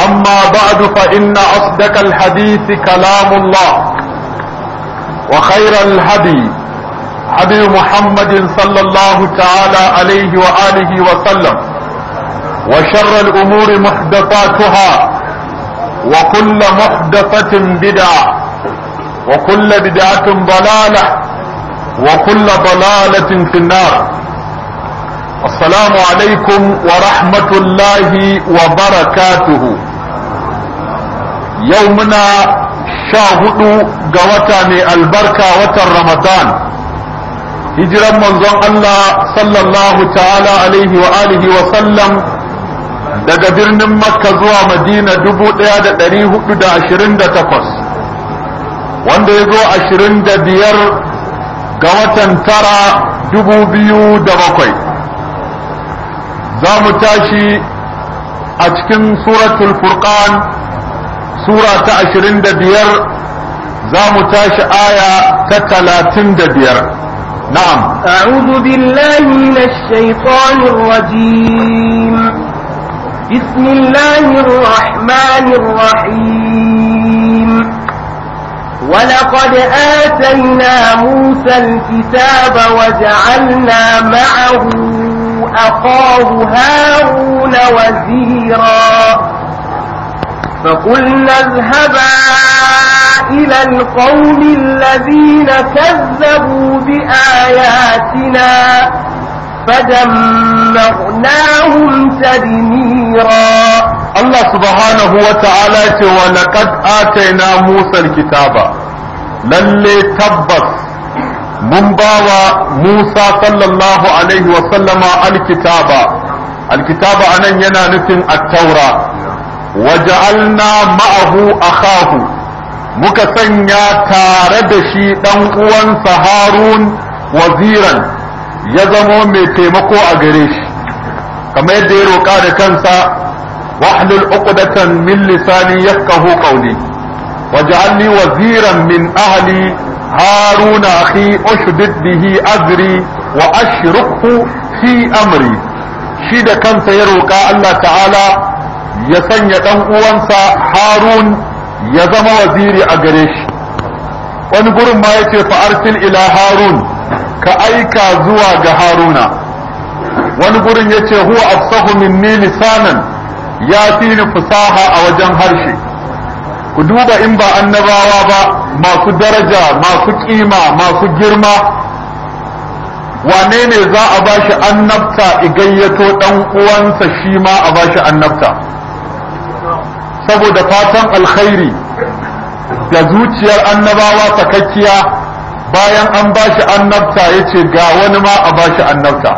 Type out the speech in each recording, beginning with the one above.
أما بعد فإن أصدق الحديث كلام الله وخير الهدي هدي محمد صلى الله تعالى عليه وآله وسلم وشر الأمور محدثاتها وكل محدثة بدعة وكل بدعة ضلالة وكل ضلالة في النار السلام عليكم ورحمة الله وبركاته يومنا شاهد قوتان البركة والرمضان هجرا من ظن الله صلى الله تعالى عليه وآله وسلم daga birnin makka zuwa madina dubu ɗaya da ɗari hudu da ashirin da takwas wanda ya zo ashirin da biyar ga watan tara dubu biyu da bakwai za mu tashi a cikin suratul furqan sura ta ashirin da biyar za mu tashi aya ta talatin da biyar na'am a'udhu billahi minash shaitanir rajim bismillahir rahmanir rahim ولقد آتينا موسى الكتاب وجعلنا معه أخاه هارون وزيرا فقلنا اذهبا إلى القوم الذين كذبوا بآياتنا فدمرناهم تدميرا الله سبحانه وتعالى ولقد آتينا موسى الكتاب للي تبص mun bawa Musa s.a. alaihi wa sallama alkitaba alkitaba anan yana nufin a taura waja'alna ma'ahu akhahu muka sanya tare da shi dan uwansa Harun waziran ya zamo mai taimako a gare shi kamar yadda ya roƙa da kansa wahlul uqdatan min lisani yafqahu qawli waj'alni waziran min ahali. هارون أخي أشدد به أجري وأشركه في أمري شيد كان سيروك الله تعالى يسن يدن أوانسا هارون يزم وزيري أجريش ونقول ما يتي فأرسل إلى هارون كأيكا زواج هارون ونقول يتي هو أفصه مني لسانا ياتيني فصاحة أوجن هرشي ku duba in ba annabawa ba masu daraja masu kima masu girma wane ne za a ba shi annabta igayyato dan uwansa shi ma a ba shi annabta saboda fatan alkhairi da zuciyar annabawa sakakkiya bayan an ba shi annabta ya ce ga wani ma a ba shi annabta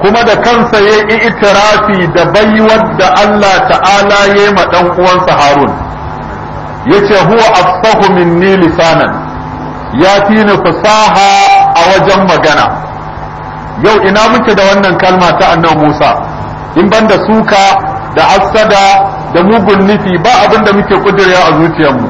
kuma da kansa ya yi itirafi da baiwar da Allah ta'ala ya yi ma ɗan uwansa Harun. yace huwa afsahu minni lisanan ya fi ni fasaha a wajen magana yau ina muke da wannan kalma ta annabi Musa in banda suka da hassada da mugun nufi ba abin da muke kudirewa a mu.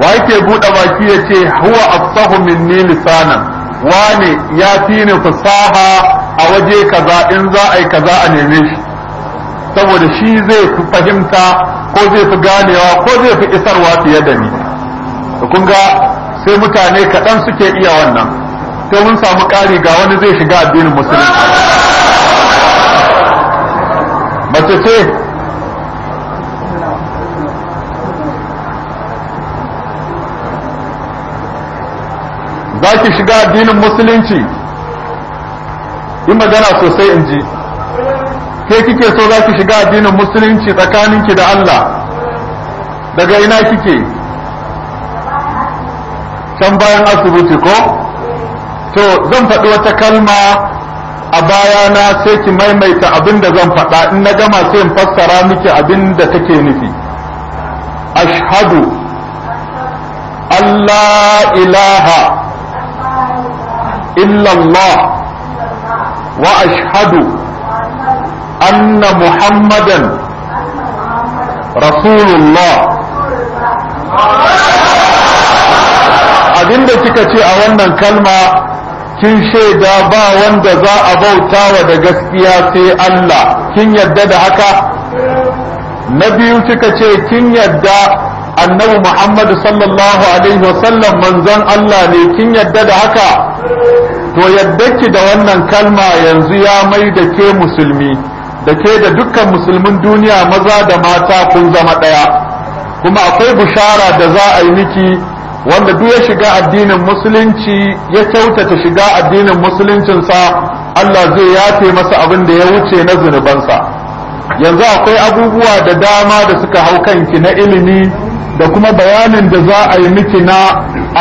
wa yake buɗe baki yace huwa afsahu minni lisanan wane ya fi ni fasaha a waje kaza in za a yi kaza a neme shi saboda shi zai fi fahimta ko zai fi ganewa ko zai fi isarwa fiye da ni kun ga sai mutane kaɗan suke iya wannan sai mun samu ƙari ga wani zai shiga addinin musulunci mace ce za ki shiga addinin musulunci yi magana sosai in ji ke kike so za ki shiga addinin musulunci tsakanin ki da Allah daga ina kike can bayan asibiti ko to zan faɗi wata kalma a baya na sai ki maimaita abin da zan faɗa in na gama sai in fassara miki abin da take nufi ashhadu Allah ilaha illallah wa ashhadu أن محمدا رسول الله abinda kika ce a wannan kalma kin shaida ba wanda za a bauta wa da gaskiya sai Allah kin yadda da haka na biyu kika ce kin yadda annabi Muhammad sallallahu alaihi wasallam manzon Allah ne kin yadda da haka to yadda ki da wannan kalma yanzu ya mai da ke musulmi da ke da dukkan musulmin duniya maza da mata kun zama ɗaya kuma akwai bushara da za a yi miki wanda duk ya shiga addinin musulunci ya kyautata shiga addinin musuluncinsa Allah zai yafe masa abin da ya wuce na zunubansa yanzu akwai abubuwa da dama da suka hau kanki na ilimi da kuma bayanin da za a yi miki na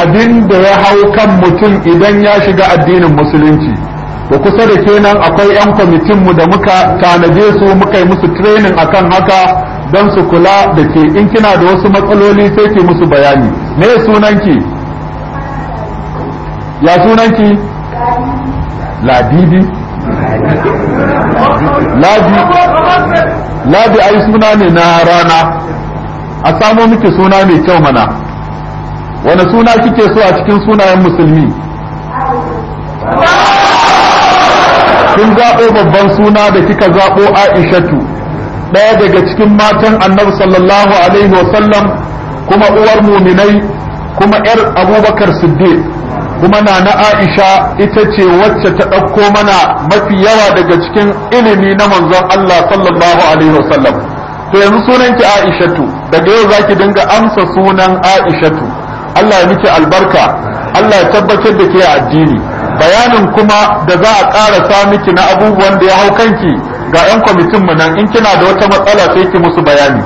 abin da ya hau kan mutum idan ya shiga addinin musulunci da kusa da kenan akwai 'yan mu da muka tanaje su muka yi musu training akan haka don su kula da ke in kina da wasu matsaloli sai ki musu bayani me sunanki ya sunanki ladidi labi labi ai suna ne na rana a samo miki suna mai kyau mana wani suna kike so a cikin sunayen musulmi kun zaɓo babban suna da kika zaɓo aishatu ɗaya daga cikin matan annabi sallallahu alaihi wasallam kuma uwar muminai kuma yar abubakar siddiq kuma na aisha ita ce wacce ta ɗauko mana mafi yawa daga cikin ilimi na manzon allah sallallahu alaihi wasallam to yanzu sunanki aishatu daga yau zaki dinga amsa sunan aishatu allah ya miki albarka allah ya tabbatar da ke addini bayanin kuma da za a ƙara sa miki na abubuwan da ya hau kanki ga 'yan kwamitin mu nan in kina da wata matsala sai ki musu bayani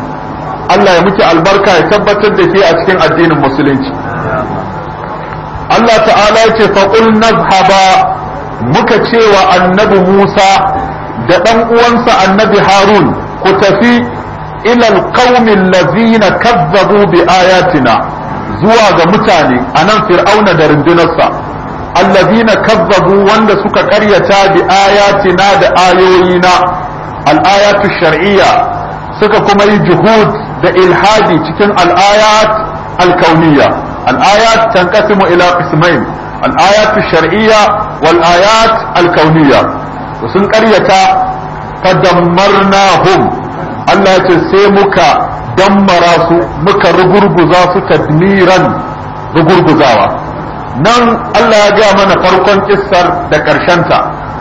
Allah ya miki albarka ya tabbatar da ke a cikin addinin musulunci Allah ta'ala ya ce faƙul nazhaba muka cewa annabi Musa da ɗan uwansa annabi Harun ku tafi ilal qaumin lazina kazzabu bi ayatina zuwa ga mutane anan fir'auna da rundunarsa allazina kazzabu wanda suka karyata bi ayatina da ayoyina al-ayatu shar'iyya suka kuma yi juhud da ilhadi cikin al-ayat al-kauniyya al-ayat tanqasimu ila qismain al-ayat shar'iyya wal ayat al-kauniyya sun karyata fadammarnahum Allah ya ce sai muka dammara su muka rugurguza su tadmiran rugurguzawa nan Allah ya gaya mana farkon kissar da ta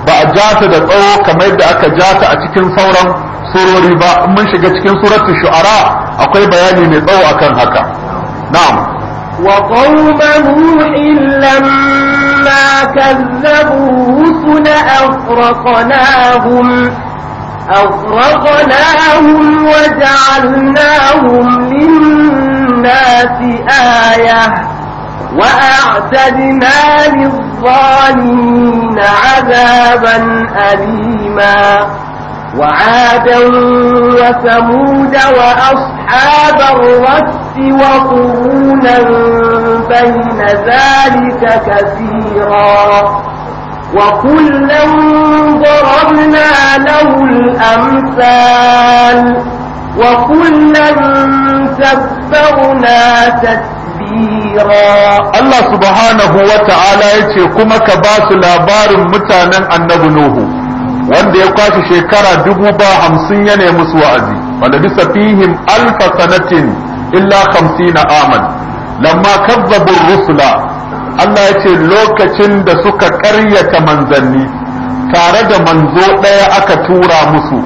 ba a ja ta da tsawo kamar yadda aka ja ta a cikin sauran surori ba mun shiga cikin suratul shu'ara akwai bayani mai tsawo akan haka na'am وقوم نوح لما كذبوا الرسل أغرقناهم أغرقناهم وجعلناهم للناس آية وأعتدنا للظالمين عذابا أليما وعادا وثمود وأصحاب الرس وقرونا بين ذلك كثيرا وكلا ضربنا له الأمثال وكلا تبرنا تتبعا كثيرا الله سبحانه وتعالى يتي كما كباس labarin mutanen annabi nuhu wanda ya kwashe shekara dubu ba hamsin ya nemi musu wa'azi wanda bisa fihim alfa sanatin illa hamsina aman lamma kabbabin rusula Allah ya ce lokacin da suka karyata manzanni tare da manzo ɗaya aka tura musu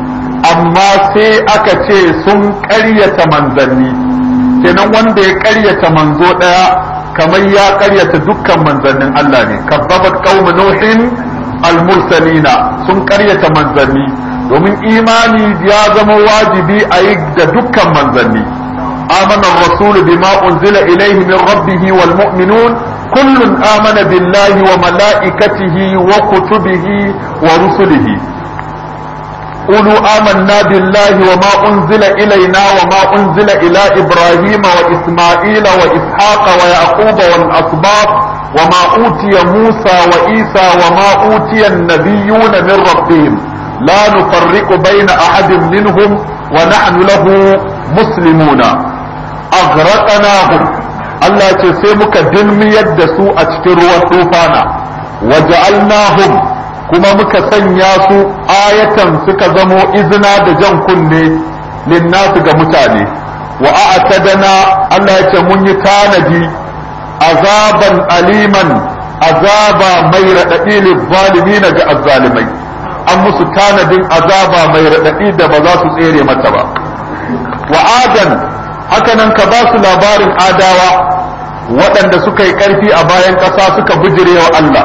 amma sai aka ce sun karyata manzanni kenan wanda ya karyata manzo daya kamar ya karyata dukkan manzannin Allah ne kabbabat qaum nuhin al sun karyata manzanni domin imani ya zama wajibi a yi da dukkan manzanni آمن الرسول بما أنزل إليه من ربه والمؤمنون كل آمن بالله وملائكته وكتبه ورسله قولوا آمنا بالله وما أنزل إلينا وما أنزل إلى إبراهيم وإسماعيل وإسحاق ويعقوب والأسباط وما أوتي موسى وعيسى وما أوتي النبيون من ربهم لا نفرق بين أحد منهم ونحن له مسلمون أغرقناهم Allah ce sai muka dilmiyar da su a cikin ruwan tufana waja'alnahum kuma muka sanya su ayatan suka zamo izina da jan kunne linnasu ga mutane wa a'tadana Allah ya ce mun yi tanadi azaban aliman azaba mai radadi na ga azzalimai an musu tanadin azaba mai radadi da ba za su tsere mata ba wa adan hakanan ka ba su labarin adawa waɗanda suka yi ƙarfi a bayan ƙasa suka bijirewa Allah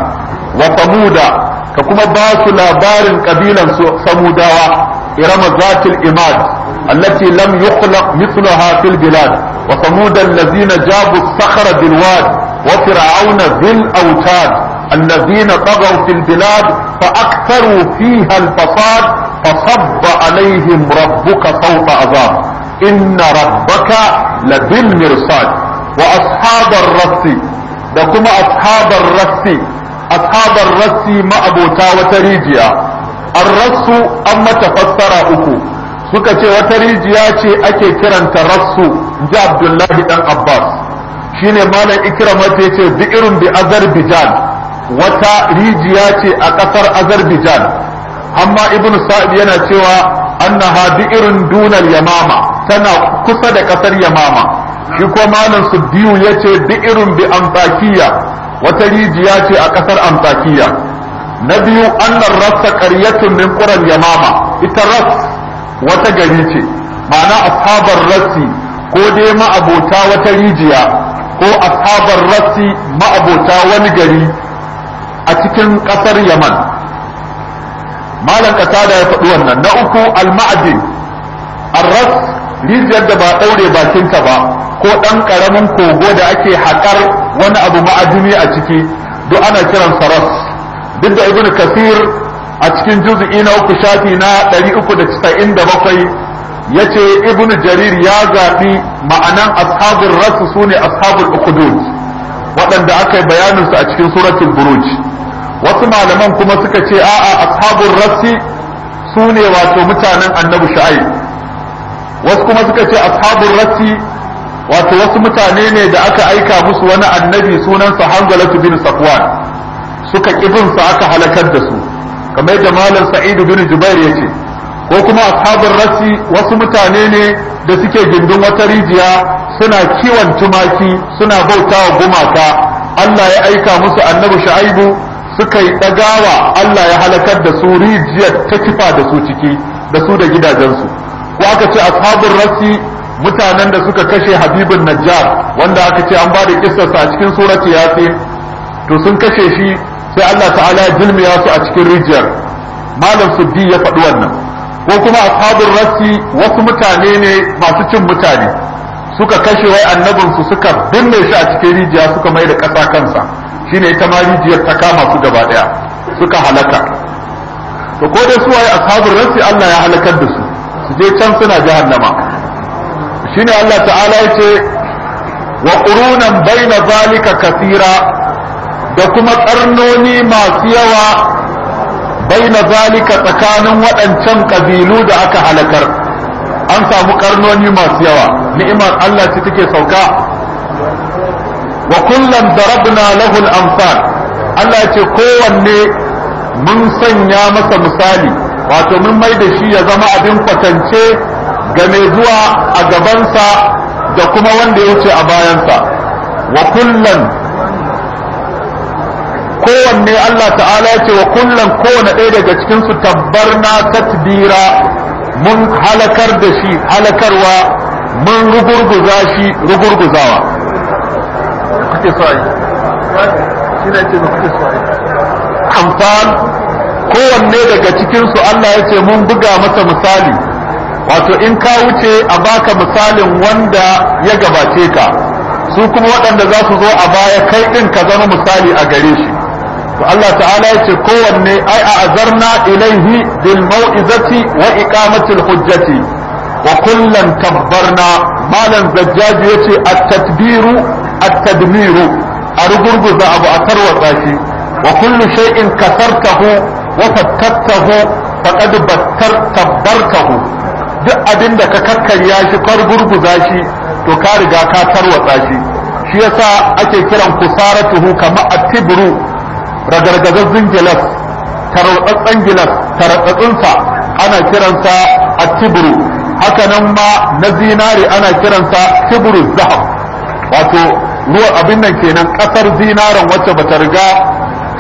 wa samuda ka kuma ba su labarin kabilan su samudawa irama zatil imad allati lam yukhlaq mithlaha fil bilad wa samud allazina jabu sakhra bil wad wa fir'auna bil awtad allazina tagaw fil bilad fa aktharu fiha al fasad fa sabba alayhim rabbuka sawta azab inna rabbaka إن mirsad wa ashabar الرس da kuma ashabar rassi ashabar rassi ma'abota wata rijiya rassu an mata fassara uku suka ce wata rijiya ce ake kiranta rassu ji abdullahi dan abbas shine malam ikrama ta ce bi irin bi azerbaijan wata rijiya ce a kasar azerbaijan amma ibn sa'id yana cewa annaha irin dunal yamama tana kusa da kasar yamama shi ko malam biyu yace irin bi amfakiya wata rijiya ce a ƙasar antakiya na biyu annan rasta ƙaryatun min ƙuran yamama ita ras wata gari ce ma'ana ashabar rasi ko dai ma'abota wata rijiya ko ashabar rasi ma'abota wani gari a cikin ƙasar yaman malam ƙasa da ya faɗi wannan na uku al-ma'adin ar-ras rijiyar da ba ɗaure bakinta ba ko ɗan ƙaramin kogo da ake haƙar wani abu ma'adini a ciki duk ana kiran saras duk da ibnu kasir a cikin juzu'i na uku shafi na 397 ya ce ibn jarir ya zaɓi ma'anan ashabul rasu su ne ashabin waɗanda aka yi bayaninsu a cikin suratul buruj wasu malaman kuma suka ce a'a ashabin rasi su ne wato mutanen annabi shu'aib wasu kuma suka ce ashabul rassi wato wasu mutane ne da aka aika musu wani annabi sunan sa hanzalatu bin safwan suka kibin sa aka halakar da su kamar yadda malam sa'idu bin jubair yace ko kuma ashabul rassi wasu mutane ne da suke gindin wata rijiya suna kiwon tumaki suna bautawa gumaka Allah ya aika musu annabi shu'aibu suka yi ɗagawa Allah ya halakar da su rijiyar ta kifa da su ciki da su da gidajensu ko aka ce ashabun rasi mutanen da suka kashe habibun najjar wanda aka ce an bada kissarsa a cikin surati yasin to sun kashe shi sai Allah ta'ala ya jilmiya su a cikin rijiyar malam subdi ya faɗi wannan ko kuma ashabun rasi wasu mutane ne masu cin mutane suka kashe wai su suka binne shi a cikin rijiya suka mai da ƙasa kansa shine ita ma rijiyar ta kama su gaba daya suka halaka to ko dai su waye ashabul rasi Allah ya halakar da su su je can suna jahannama shine Allah ta'ala yace wa qurunan baina zalika kathira da kuma karnoni masu yawa baina zalika tsakanin waɗancan kabilu da aka halakar an samu karnoni masu yawa ni'imar Allah ce take sauka wa kullum darabna lahul amsal Allah ce kowanne mun sanya masa misali wato mun mai da shi ya zama abin kwatance ga mai zuwa a gabansa da kuma wanda ya ce a bayansa wa kullum kowanne Allah ta'ala ya ce wa kullum kowane ɗaya daga cikinsu tabbarna tatbira mun halakar da shi halakarwa mun rugurguza shi rugurguzawa kuke so yi shi ne ce kuke so amfan kowanne daga cikinsu Allah ya ce mun buga masa misali wato in ka wuce a baka misalin wanda ya gabace ka su kuma waɗanda za su zo a baya kai ɗin ka zama misali a gare shi to Allah ta'ala ya ce kowanne ai a azarna ilaihi bil mau'izati wa iqamatil hujjati wa kullan tabbarna malam zajjaji ya ce at-tadbiru at-tadmiru a rugurguza abu a tarwatsa shi wa kullu shay'in kasartahu wa faqad battar duk abin ka kakkarya shi kar gurguza shi to ka riga ka tarwatsa shi shi yasa ake kiran kusaratuhu kama atibru ragargazazzin gilas tarwatsatsan gilas taratsatunsa ana kiransa atibru haka nan ma na zinari ana kiransa tibru zahab wato ruwan abin nan kenan kasar zinaran wacce bata riga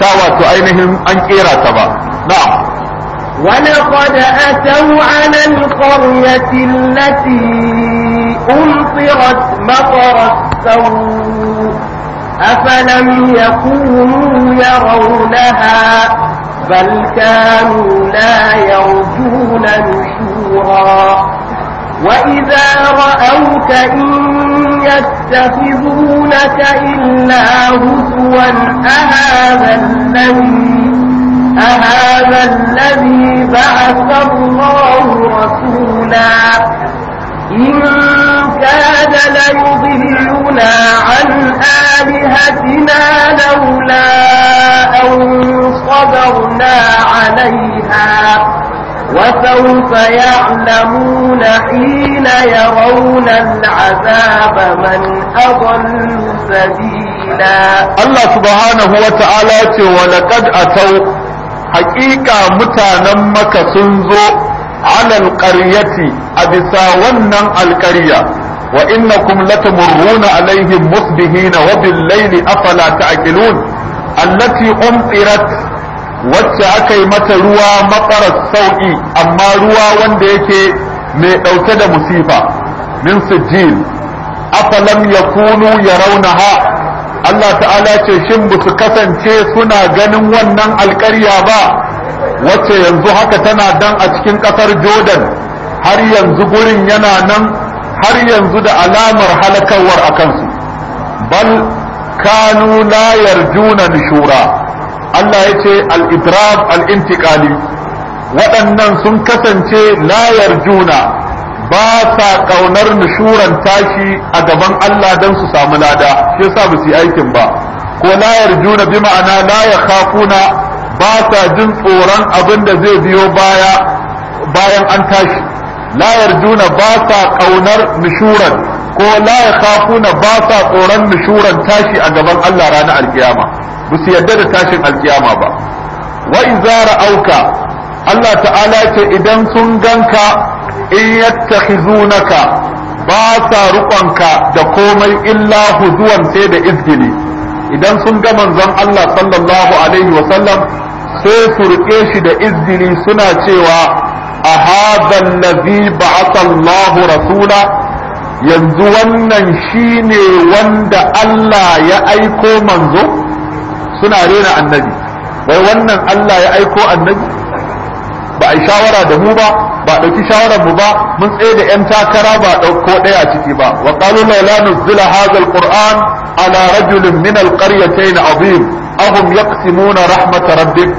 ta wato ainihin an kera ta ba نعم ولقد أتوا على القرية التي أمطرت مطر السوء أفلم يكونوا يرونها بل كانوا لا يرجون نشورا وإذا رأوك إن يتخذونك إلا هزوا أهذا الذي أهذا الذي بعث الله رسولا إن كاد ليضلنا عن آلهتنا لولا أن صبرنا عليها وسوف يعلمون حين يرون العذاب من أضل سبيلا الله سبحانه وتعالى ولقد أتوا haƙiƙa mutanen maka sun zo alal ƙaryati a bisa wannan alƙarya wa innakum latamurruna alaihim musbihina wa bil layli afala ta'qilun allati umtirat wacce aka yi mata ruwa matsarar sauƙi. amma ruwa wanda yake mai ɗauke da musifa min sijil afalam yakunu yarawnaha Allah ta'ala ce shin ba su kasance suna ganin wannan alƙarya ba wacce yanzu haka tana dan a cikin ƙasar Jordan har yanzu gurin yana nan har yanzu da alamar halakawar a kansu bal kanu la yarjuna Allah ya ce al-idrab al-intiqali waɗannan sun kasance la yarjuna ba sa kaunar nushuran tashi a gaban Allah dan su samu lada shi yasa ba su yi aikin ba ko la yarjuna bi ma'ana la yakhafuna ba sa jin tsoron abin da zai biyo baya bayan an tashi la yarjuna ba sa kaunar nushuran ko la yakhafuna ba sa tsoron nushuran tashi a gaban Allah ranar alkiyama ba su yarda da tashin alkiyama ba wa idza ra'auka Allah ta'ala ce idan sun ganka in yattakhizunaka ba sa rukonka da komai illa huzuwan sai da izgili idan sun ga manzon Allah sallallahu alaihi wa sallam sai su rike shi da izgili suna cewa a hadha allazi ba'atha Allah rasula yanzu wannan shine wanda Allah ya aiko manzo suna rena annabi wai wannan Allah ya aiko annabi ba a shawara da mu ba ba ɗauki shawarar mu ba mun tsaye da yan takara ba ɗauko ɗaya ciki ba wa qalu laula nuzila hadha alquran ala rajulin min alqaryatayn azim ahum yaqsimuna rahmat rabbik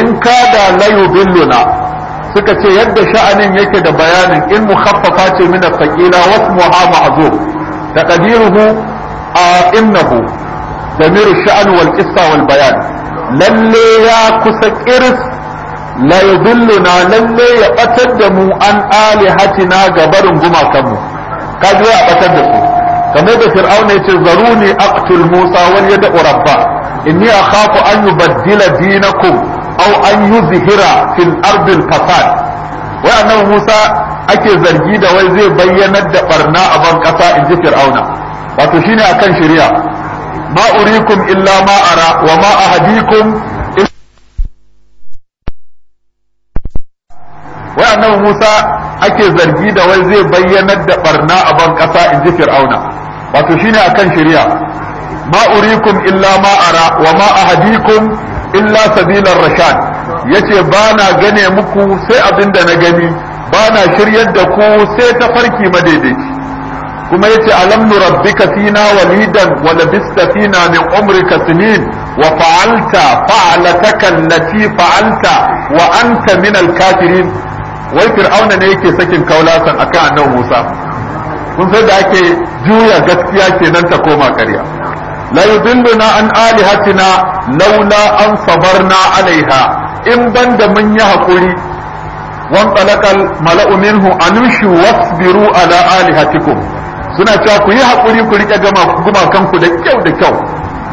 in kada la yudilluna suka ce yadda sha'anin yake da bayanin in mukhaffafa ce min alqila wasmuha ma'zub taqdiruhu a innahu damiru sha'an wal qissa wal bayan lalle ya kusa qirs la na lalle ya ɓatar da mu an alihatina ga barin gumakanmu kaji ya batar da su kamar da fir'auna ya ce, yace zaruni aktul, musa wal yad'u rabba inni akhafu an yubaddila dinakum aw an yuzhira zihira fin al fasad wa annabi musa ake zargi da wai zai bayyanar da ɓarna a ban in ji fir'auna wato shine a kan ma urikum illa ma ara wa ma ahadikum wai annabi Musa ake zargi da wai zai bayyanar da barna a ban kasa in ji Fir'auna wato shine akan shari'a ma urikum illa ma ara wa ma ahadikum illa sabilar rashad yace ba na gane muku sai abin da na gani ba na shiryar da ku sai ta farki madaidaici kuma yace alam nurabbika fina walidan wa labista fina min umrika sinin allati fa'alta wa anta min al-kafirin wai fir'auna ne yake sakin kaulasan akan annabi Musa kun sai da ake juya gaskiya kenan ta koma ƙarya la yudilluna an alihatina laula an sabarna alaiha in banda mun yi hakuri wan talakal mala'u minhu anushu wasbiru ala alihatikum suna cewa ku yi hakuri ku rike gama kanku da kyau da kyau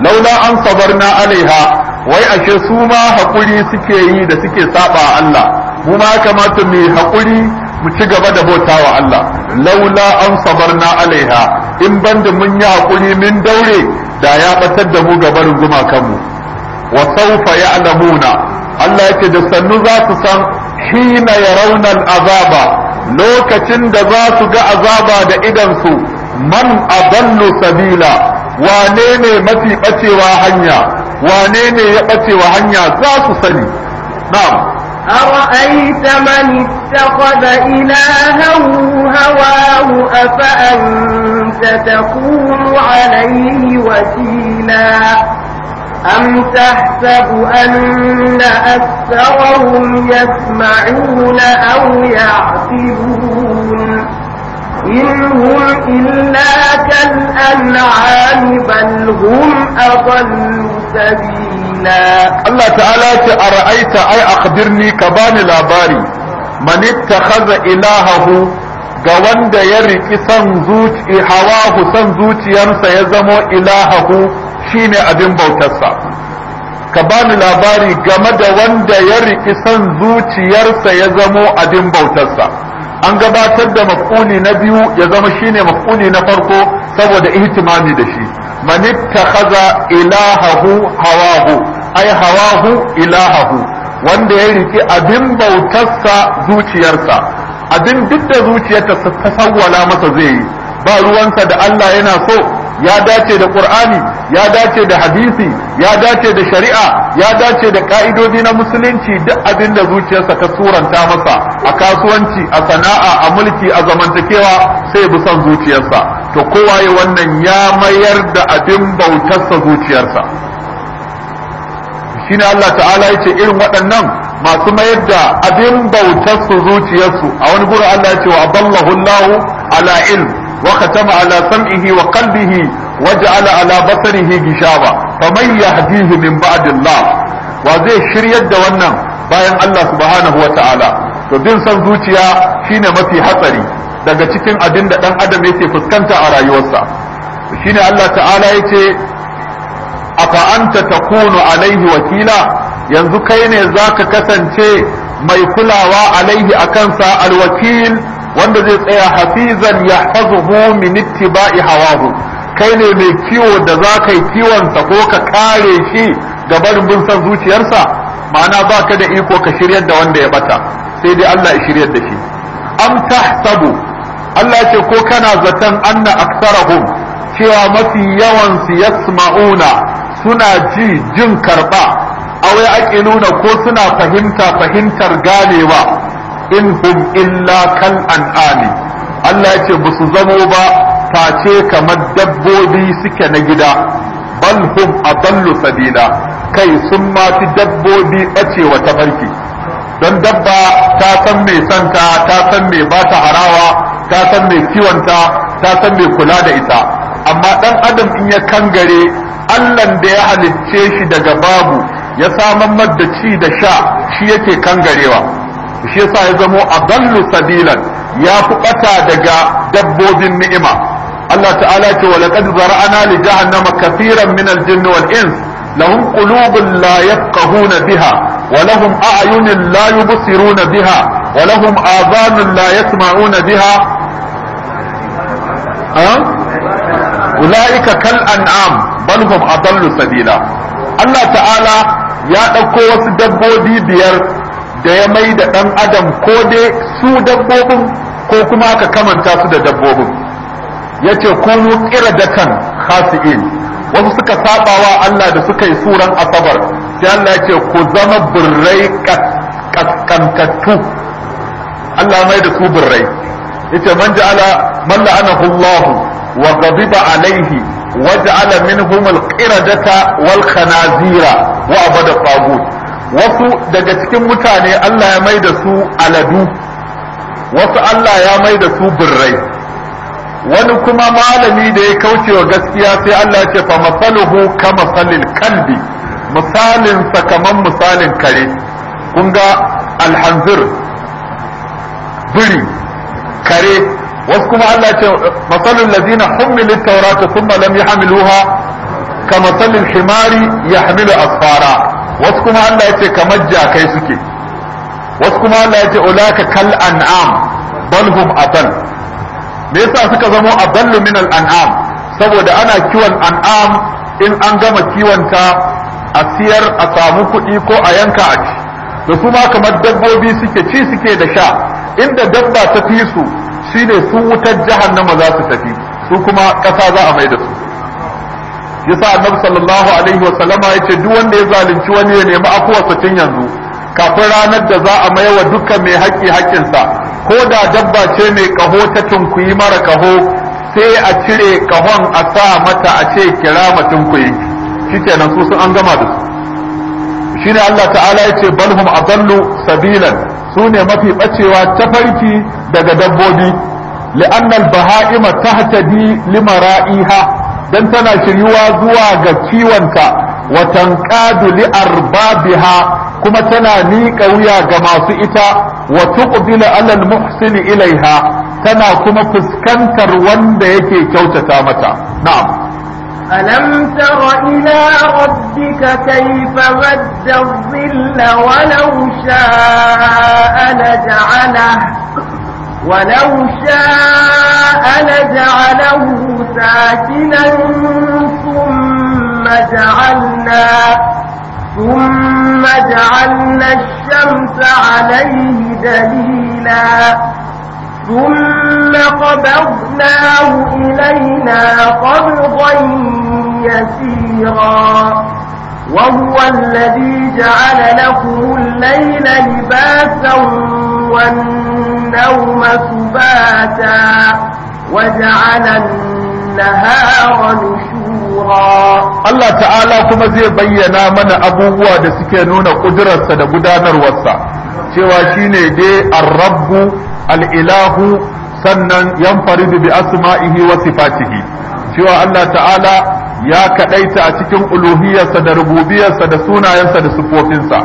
laula an sabarna alaiha wai ashe su ma hakuri suke yi da suke saba Allah mu ma kamata mu haƙuri mu ci gaba da bauta wa Allah laula an sabarna alaiha in banda mun yi haƙuri min daure da ya batar da mu gabarin kanmu. wa saufa ya'lamuna Allah yake da sannu za su san hina yarawna azaba lokacin da za su ga azaba da idansu man adallu sabila wane ne mafi ɓacewa hanya wane ne ya ɓacewa hanya za su sani na'am أرأيت من اتخذ إلهه هواه أفأنت تكون عليه وكيلا أم تحسب أن أكثرهم يسمعون أو يعقلون إن هم إلا كالأنعام بل هم أضل سبيلا inna Allah ta'ala ta ara'aita ai akhbirni ka bani labari man ittakhadha ilahahu ga wanda ya zuci hawahu san zuciyarsa ya zamo ilahahu shine abin bautarsa ka bani labari game da wanda ya riki san zuciyarsa ya zamo abin bautarsa an gabatar da makuni na biyu ya zama shine makuni na farko saboda ihtimami da shi man ittakhadha ilahahu hawahu ai hawahu ilahahu wanda ya riki abin bautarsa zuciyarsa abin duk da zuciyarsa ta sawwala masa zai yi ba ruwansa da Allah yana so ya dace da Qur'ani ya dace da hadisi ya dace da shari'a ya dace da ka'idodi na musulunci duk abin da zuciyarsa ta suranta masa a kasuwanci a sana'a a mulki a zamantakewa sai bi son zuciyarsa to ya wannan ya mayar da abin bautarsa zuciyarsa shine Allah ta'ala yace irin waɗannan masu mayar da abin bautar su zuciyarsu a wani gurin Allah ce wa aballahu Allah ala ilm wa khatama ala sam'ihi wa qalbihi wa ja'ala ala basarihi gishaba faman yahdihi min ba'dillah wa zai shiryar da wannan bayan Allah subhanahu wa ta'ala to bin san zuciya shine mafi hatsari daga cikin abin da dan adam yake fuskanta a rayuwarsa shine Allah ta'ala yace afa anta takunu alaihi wakila yanzu kai ne za ka kasance mai kulawa alaihi sa, alwakil wanda zai tsaya hafizan yahfazuhu min ittiba'i hawahu kai ne mai kiwo da zaka yi sa ko ka kare shi ga barin bin san zuciyarsa ma'ana baka da iko ka shiryar da wanda ya bata sai dai Allah ya shiryar da shi am tahsabu Allah ce ko kana zaton anna aktsarahum cewa mafi yawan su yasma'una suna ji jin karba wai ake nuna ko suna fahimta fahimtar ganewa in hum illa kal an'ami Allah ya ce ba su zamo ba face kamar dabbobi suke na gida bal hum adallu sabila kai sun mafi dabbobi ɓacewa ta barki don dabba ta san mai santa ta san mai ba ta harawa ta san mai kiwonta ta san mai kula da ita amma ɗan adam in ya kangare Allahn da ya halicce shi daga babu ya samar da ci da sha shi yake kangarewa shi yasa ya zamo adallu sabilan ya fi bata daga dabbobin ni'ima Allah ta'ala ce wa laqad zara'ana li jahannama kathiran min al-jinni wal ins lahum qulubun la yafqahuna biha wa lahum a'yunun la yubsiruna biha wa lahum adhanun la yasma'una biha ha ulaika kal an'am bal hum adallu sabila Allah ta'ala ya ɗauko wasu dabbobi biyar da ya mai da ɗan adam ko dai su dabbobin ko kuma aka kamanta su da dabbobin yace kunu qiradatan khasi'in wasu suka sabawa Allah da suka yi suran asabar sai Allah yace ku zama burrai kaskantattu Allah mai da su burrai yace man ja'ala man la'anahu Allah wa ghadiba alaihi waj'ala alamin humul qiradata wal khanazira wa abada tagut wasu daga cikin mutane Allah ya mai da su aladu wasu Allah ya mai da su birrai wani kuma malami da ya kauce wa gaskiya sai Allah ya ce fa masaluhu kama masalil kalbi misalin kaman misalin kare kun ga alhanzir biri kare wasu kuma Allah ce masalul ladina hummilu tawrata thumma lam yahmiluha ka masalil himari yahmilu asfara wasu kuma Allah ya ce kamar jakai suke wasu kuma Allah ya ce ulaka kal an'am bal hum adal me yasa suka zamo adallu min al an'am saboda ana kiwon an'am in an gama kiwon ta, a siyar a samu kuɗi ko a yanka a ci da kuma kamar dabbobi suke ci suke da sha inda dabba ta fi su shine su wutar jahannama za su tafi su kuma ƙasa za a mai da su yasa annabi sallallahu alaihi wa sallama yace duk wanda ya zalunci wani ya nemi afuwarsa tun yanzu kafin ranar da za a maiwa dukkan mai haƙƙi haƙƙinsa ko da dabba ce mai kaho ta tunkuyi mara kaho sai a cire kahon a sa mata a ce kira ma tunkuyi nan su sun an gama da su shine Allah ta'ala yace balhum adallu sabilan su ne mafi ɓacewa tafarki daga dabbobi li'annal baha'ima tahtadi limara'iha dan tana shiryuwa zuwa ga kiwonta wa tanqadu li'arbabiha kuma tana miƙa wuya ga masu ita wa tuqbilu 'ala al-muhsini ilaiha tana kuma fuskantar wanda yake kyautata mata na'am ألم تر إلى ربك كيف مد الظل ولو شاء لجعله ولو شاء لجعله ساكنا ثم جعلنا ثم جعلنا الشمس عليه دليلا ثم قبضناه إلينا قبضا يسيرا وهو الذي جعل لكم الليل لباسا والنوم سباتا وجعل النهار نشورا الله تعالى كما زي بينا من أبوه da suke nuna ƙudurarsa da gudanarwarsa cewa shine dai الرب al'ilahu sannan yanfaridu bi asma'ihi wa sifatihi cewa Allah ta'ala ya kaɗaita a cikin uluhiyarsa da rububiyarsa da sunayensa da sifofinsa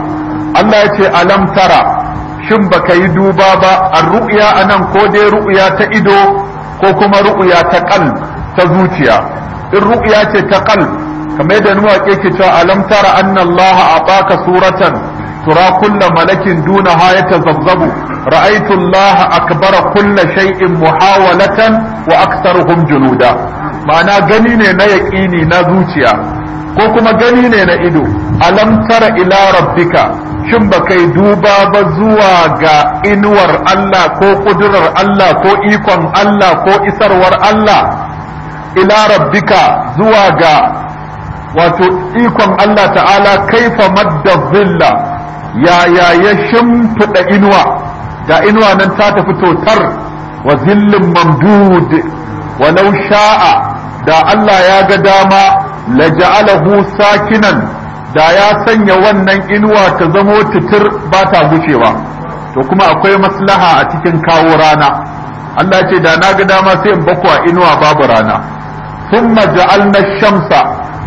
Allah ya alamtara alam tara shin baka yi duba ba a ru'ya a nan ko dai ru'ya ta ido ko kuma ru'ya ta kal ta zuciya in ru'ya ce ta kal kamar yadda nuna ke cewa alam tara anna a baka suratan ترى كل ملك دونها يتذبذب رأيت الله أكبر كل شيء محاولة وأكثرهم جنودا معنى جنيني نيكيني نذوتيا كوكما جنيني نئدو ألم تر إلى ربك shin ba kai duba ba zuwa ga inuwar Allah ko ƙudurar Allah ko ikon Allah ko isarwar Allah ila rabbika zuwa ga wato ikon Allah ta'ala kaifa madda zilla yaya ya shimfiɗa inuwa da inuwa nan ta tafi totar wa zillin mamdud walau sha'a da Allah ya ga dama la ja'alahu sakinan da ya sanya wannan inuwa ta zamo titir ba ta gucewa to kuma akwai maslaha a cikin kawo rana Allah ce da na ga dama sai in bakwa inuwa babu rana thumma ja'alna shamsa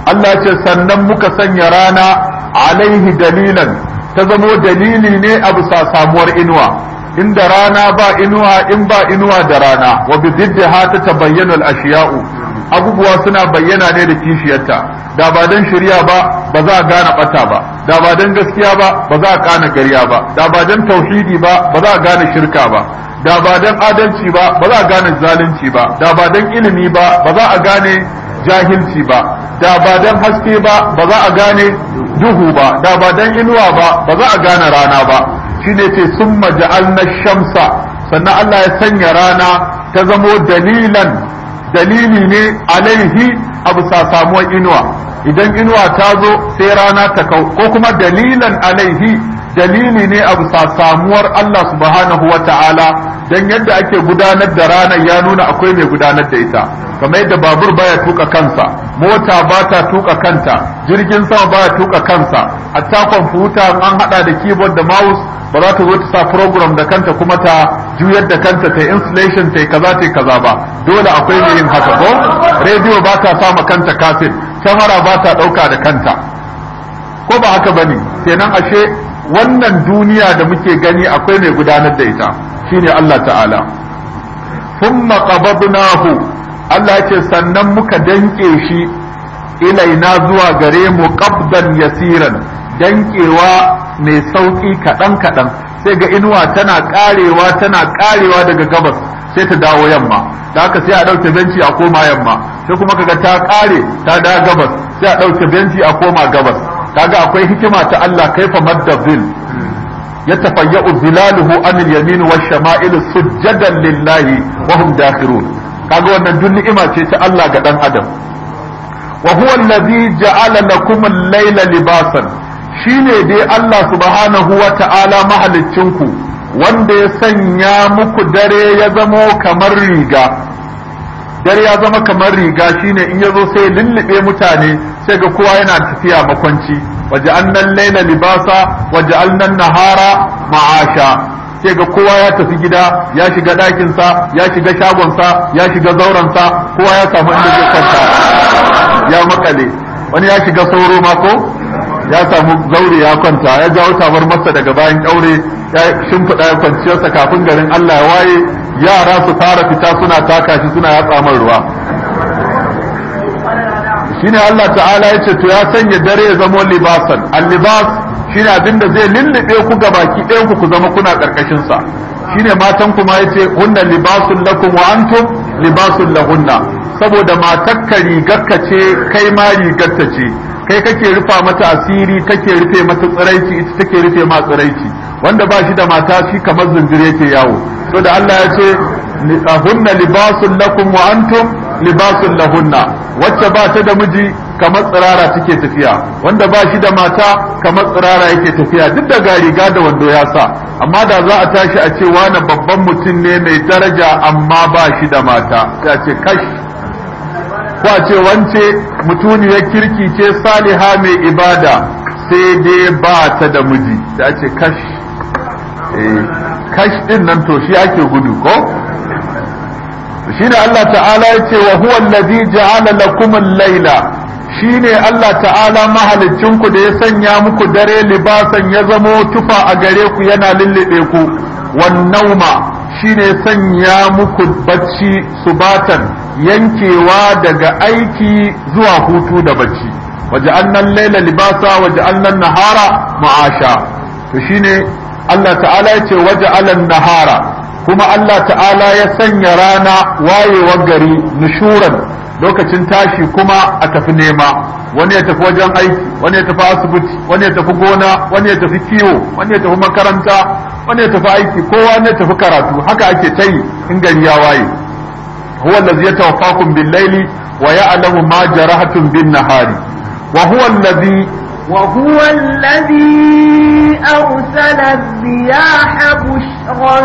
Allah ce sannan muka sanya rana alaihi dalilan ta zamo dalili ne a bisa samuwar inuwa inda rana ba inuwa in ba inuwa da rana wa bi diddaha ta tabayyana al-ashiya'u abubuwa suna bayyana ne da kishiyarta da ba dan shari'a ba ba za a gane bata ba da ba dan gaskiya ba ba za a gane gariya ba da ba dan tauhidi ba ba za a gane shirka ba da ba dan adalci ba ba za a gane zalunci ba da ba dan ilimi ba ba za a gane jahilci ba da ba dan haske ba ba za a gane duhu ba da ba dan inuwa ba ba za a gane rana ba shine ce summa ja'alna shamsa sannan Allah ya sanya rana ta zamo dalilan dalili ne alaihi abu sa samuwar inuwa idan inuwa ta zo sai rana ta kau ko kuma dalilan alaihi dalili ne a bisa samuwar Allah subhanahu wa ta'ala don yadda ake gudanar da ranar ya nuna akwai mai gudanar da ita kamar yadda babur baya tuka kansa mota ba ta tuka kanta jirgin sama ba ya tuka kansa hatta kwamfuta an hada da keyboard da mouse ba za ta zo ta sa program da kanta kuma ta juyar da kanta ta installation ta kaza ta kaza ba dole akwai mai yin haka ko rediyo ba ta sama kanta kafin kyamara ba ta dauka da kanta ko ba haka bane kenan ashe wannan duniya da muke gani akwai mai gudanar da ita shine Allah ta'ala thumma qabadnahu Allah ya ce sannan muka danke shi ilaina zuwa gare mu qabdan yasiran dankewa mai sauki kadan kadan sai ga inuwa tana karewa tana karewa daga gabas sai ta dawo yamma da haka sai a ɗauke benci a koma yamma sai kuma kaga ta kare ta da gabas sai a ɗauke benci a koma gabas kaga akwai hikima ta Allah kaifa madda bil yatafayya'u zilaluhu anil yamin wa shama'ilu sujjadan lillahi wa hum dakhirun kaga wannan duk ni'ima ce ta Allah ga dan adam wa huwa allazi ja'ala lakum al-layla libasan shine dai Allah subhanahu wa ta'ala ku. wanda ya sanya muku dare ya zamo kamar riga dare ya zama kamar riga shine in yazo sai lullube mutane sai ga kowa yana tafiya makwanci waje annan laila libasa waje annan nahara ma'asha sai ga kowa ya tafi gida ya shiga ɗakinsa ya shiga shagonsa ya shiga zaurensa kowa ya samu inda zai kwanta ya makale wani ya shiga sauro ma ya samu zaure ya kwanta ya jawo tabar masa daga bayan ƙaure ya shimfiɗa ya kwanciyarsa kafin garin Allah ya waye yara su fara fita suna taka shi suna yatsa man ruwa shine Allah ta'ala yace to ya sanya dare ya zama libasan al-libas shine abin da zai lullube ku ga baki ɗayan ku ku zama kuna karkashin sa shine matan kuma yace hunna libasun lakum wa antum libasun lahunna saboda matakka rigarka ce kai ma rigarta ce kai kake rufa mata asiri kake rufe mata tsiraici ita take rufe ma tsiraici wanda ba shi da mata shi kamar zindir yake yawo to da Allah ya ce hunna libasun lakum wa antum libasun lahunna wacce ba ta da miji kamar tsirara take tafiya wanda ba shi da mata kamar tsirara yake tafiya duk da ga riga da wando ya sa amma da za a tashi a ce wani babban mutum ne mai daraja amma ba shi da mata ya ce kash ko a ce wance mutuniyar kirki ce saliha mai ibada sai dai ba ta da miji ya ce kashi Eh, kashi din nan to shi ake gudu ko shi ne Allah ta'ala ya ce wa huwa alladhi ja'ala lakum al-laila shi ne Allah ta'ala mahalicin ku da ya sanya muku dare libasan ya zamo tufa a gare ku yana lullube ku wan nauma shi ne sanya muku bacci subatan yankewa daga aiki zuwa hutu da bacci waje annan laila libasa waje annan nahara ma'asha to shine Allah ta'ala ya ce waje alan nahara kuma Allah ta'ala ya sanya rana wayewar gari nushuran lokacin tashi kuma a tafi nema wani ya tafi wajen aiki wani ya tafi asibiti wani ya tafi gona wani ya tafi kiwo wani ya tafi makaranta wani ya tafi aiki kowa ne tafi karatu haka ake ta yi in gari ya waye huwa allazi yatawaffakum bil laili wa ya'lamu ma jarahatum bin وهو الذي أرسل الرياح بشرا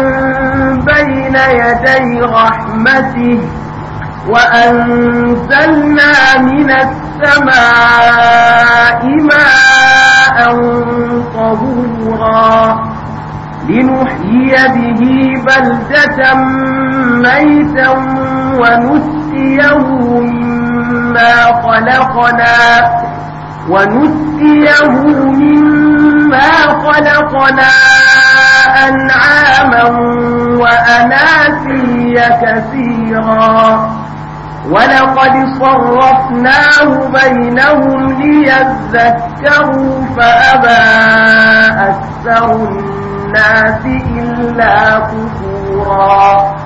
بين يدي رحمته وأنزلنا من السماء ماء طهورا لنحيي به بلدة ميتا ونسيه مما خلقنا ونسيه مما خلقنا أنعاما وأناسيا كثيرا ولقد صرفناه بينهم ليذكروا فأبى أكثر الناس إلا كفورا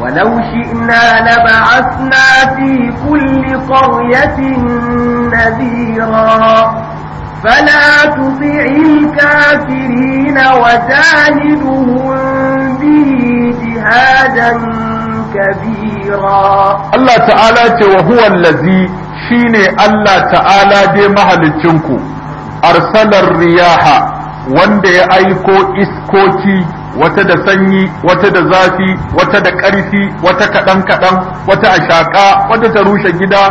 ولو شئنا لبعثنا في كل قرية نذيرا فلا تطع الكافرين وجاهدهم به جهادا كبيرا الله تعالى وهو الذي شيني الله تعالى دي مهل تنكو أرسل الرياح وانده أيكو إسكوتي wata da sanyi wata da zafi wata da ƙarfi wata kaɗan kaɗan wata a shaƙa wata ta rushe gida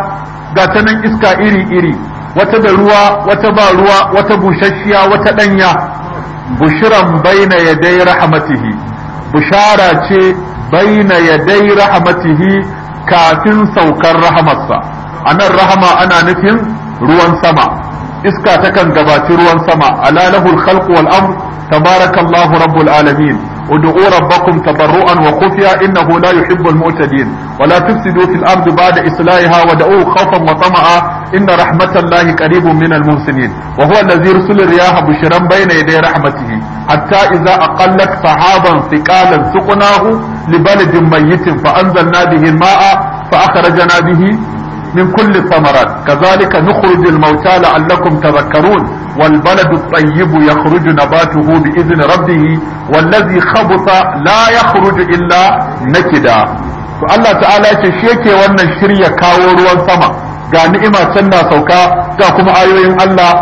ga ta nan iska iri iri wata da ruwa wata ba ruwa wata bushashiya wata ɗanya bushiran baina dai rahmatihi bushara ce baina dai rahmatihi kafin saukar rahamarsa a nan rahama ana nufin ruwan sama iska takan kan gabaci ruwan sama ala lahul khalqu wal amr tabarakallahu rabbul alamin ud'u rabbakum tabarruan wa khufiya innahu la yuhibbul mu'tadin wa la tufsidu fil ard ba'da islahiha wa da'u khawfan wa tama'a inna rahmatallahi karibu minal muhsinin Naziru huwa alladhi yursilu riyaha bushran bayna yaday rahmatihi hatta a aqallat sahaban thiqalan suqnahu li baladin mayyitin fa anzalna bihi ma'a fa akhrajna bihi من كل الثمرات كذلك نخرج الموتى لعلكم تذكرون والبلد الطيب يخرج نباته بإذن ربه والذي خبط لا يخرج إلا نكدا فالله تعالى يتشيكي وانا شريا كاور والسما قال نئمة سنة سوكا تاكم آيوين الله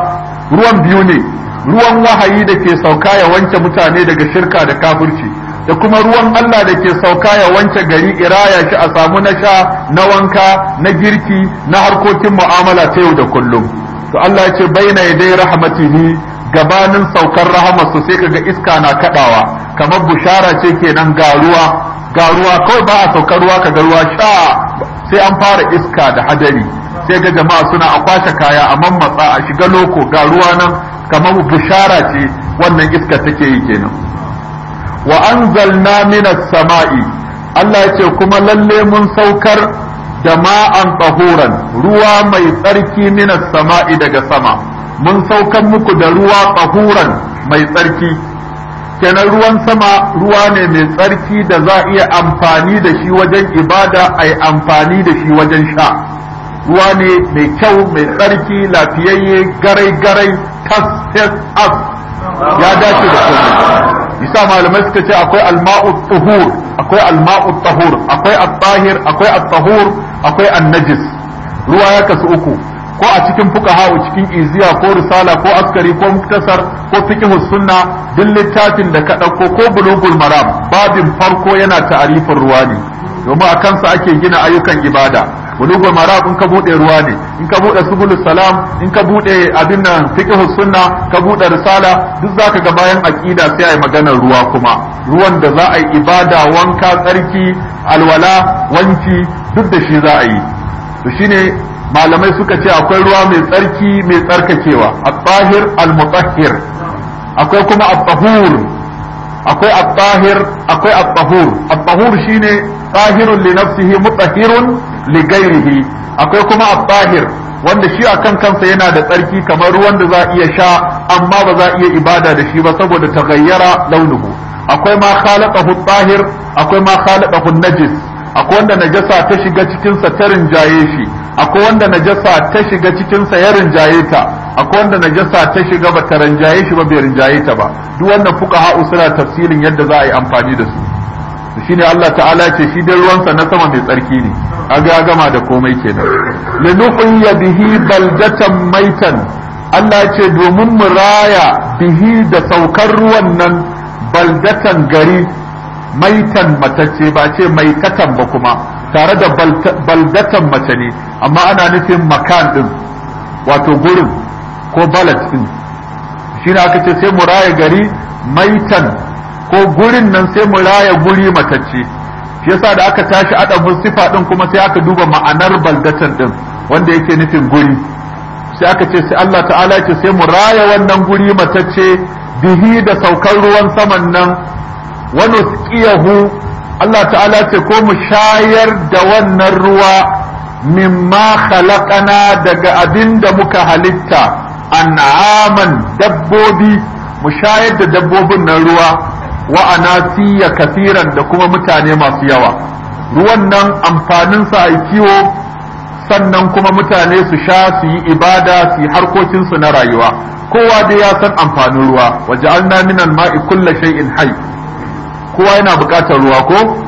روان بيوني ruwan wahayi da ke sauka ya wanke mutane daga shirka da kafirci da kuma ruwan Allah da ke sauka ya wance gari iraya shi a samu na sha na wanka na girki na harkokin mu'amala ta yau da kullum to Allah ya ce baina yadai rahmatihi gabanin saukar rahamarsa sai kaga iska na kadawa kamar bushara ce kenan ga ruwa ga ruwa kawai ba a saukar ruwa kaga ruwa sha sai an fara iska da hadari sai ga jama'a suna a kwashe kaya a mamatsa a shiga loko ga ruwa nan kamar bushara ce wannan iska take yi kenan wa anzalna minas sama'i Allah ya ce kuma lalle mun saukar da ma'an tsahuran ruwa mai tsarki minas sama'i daga sama mun saukar muku da ruwa tsahuran mai tsarki kenan ruwan sama ruwa ne mai tsarki da za a iya amfani da shi wajen ibada a yi amfani da shi wajen sha ruwa ne mai kyau mai tsarki lafiyayye garai-garai tas tas ya dace da komai Yasa malamai suka ce akwai alma'u tuhur akwai alma'u tahur akwai at-tahir akwai at-tahur akwai an-najis ruwa ya kasu uku ko a cikin fuqaha cikin iziya ko risala ko askari ko muktasar ko fiqhus sunna duk littafin da ka dauko ko bulugul maram babin farko yana ta'arifin ruwa ne domin a kansa ake gina ayyukan ibada gwa Mara in ka bude ruwa ne in ka bude subul salam in ka bude abin nan fiqh sunna ka bude risala duk zaka ga bayan aqida sai ai maganar ruwa kuma ruwan da za a yi ibada wanka tsarki alwala wanki duk da shi za a yi to shine malamai suka ce akwai ruwa mai tsarki mai tsarkakewa at-tahir al-mutahhir akwai kuma at-tahur akwai at-tahir akwai at-tahur at-tahur shine tahirun li nafsihi mutahhirun ligairihi akwai kuma abahir wanda shi a kan kansa yana da tsarki kamar ruwan da za a iya sha amma ba za a iya ibada da shi ba saboda tagayyara launuhu akwai ma khalaqahu tahir akwai ma khalaqahu najis akwai wanda najasa ta shiga cikin sa ta rinjaye shi akwai wanda najasa ta shiga cikin sa ya rinjaye ta akwai wanda najasa ta shiga ba ta rinjaye shi ba bai rinjaye ta ba duk wannan fuqaha usra tafsilin yadda za a yi amfani da su shine Allah ta'ala ce shi dai ruwansa na sama mai tsarki ne aga gama da komai kenan ya bihi baldatan maitan Allah ce domin mu raya bihi da saukar ruwan nan baldatan gari maitan matacce ba ce maitatan ba kuma tare da baldatan mace ne amma ana nufin makan din wato gurin ko balat din ne aka ce sai mu raya gari maitan ko gurin nan sai mu raya guri matacce shi yasa da aka tashi adabin sifa din kuma sai aka duba ma'anar baldatan din wanda yake nufin guri sai aka ce sai Allah ta'ala ce sai mu raya wannan guri matacce bihi da saukar ruwan saman nan wa nusqiyahu Allah ta'ala ce ko mu shayar da wannan ruwa mimma khalaqana daga abin da muka halitta an'aman dabbobi mu shayar da dabbobin nan ruwa wa anasiya kasiran da kuma mutane masu yawa wannan amfanin sa a kiwo sannan kuma mutane su sha su yi ibada su yi harkokin na rayuwa kowa dai ya san amfanin ruwa waja'alna minal ma'i kulli shay'in hayy kowa yana buƙatar ruwa ko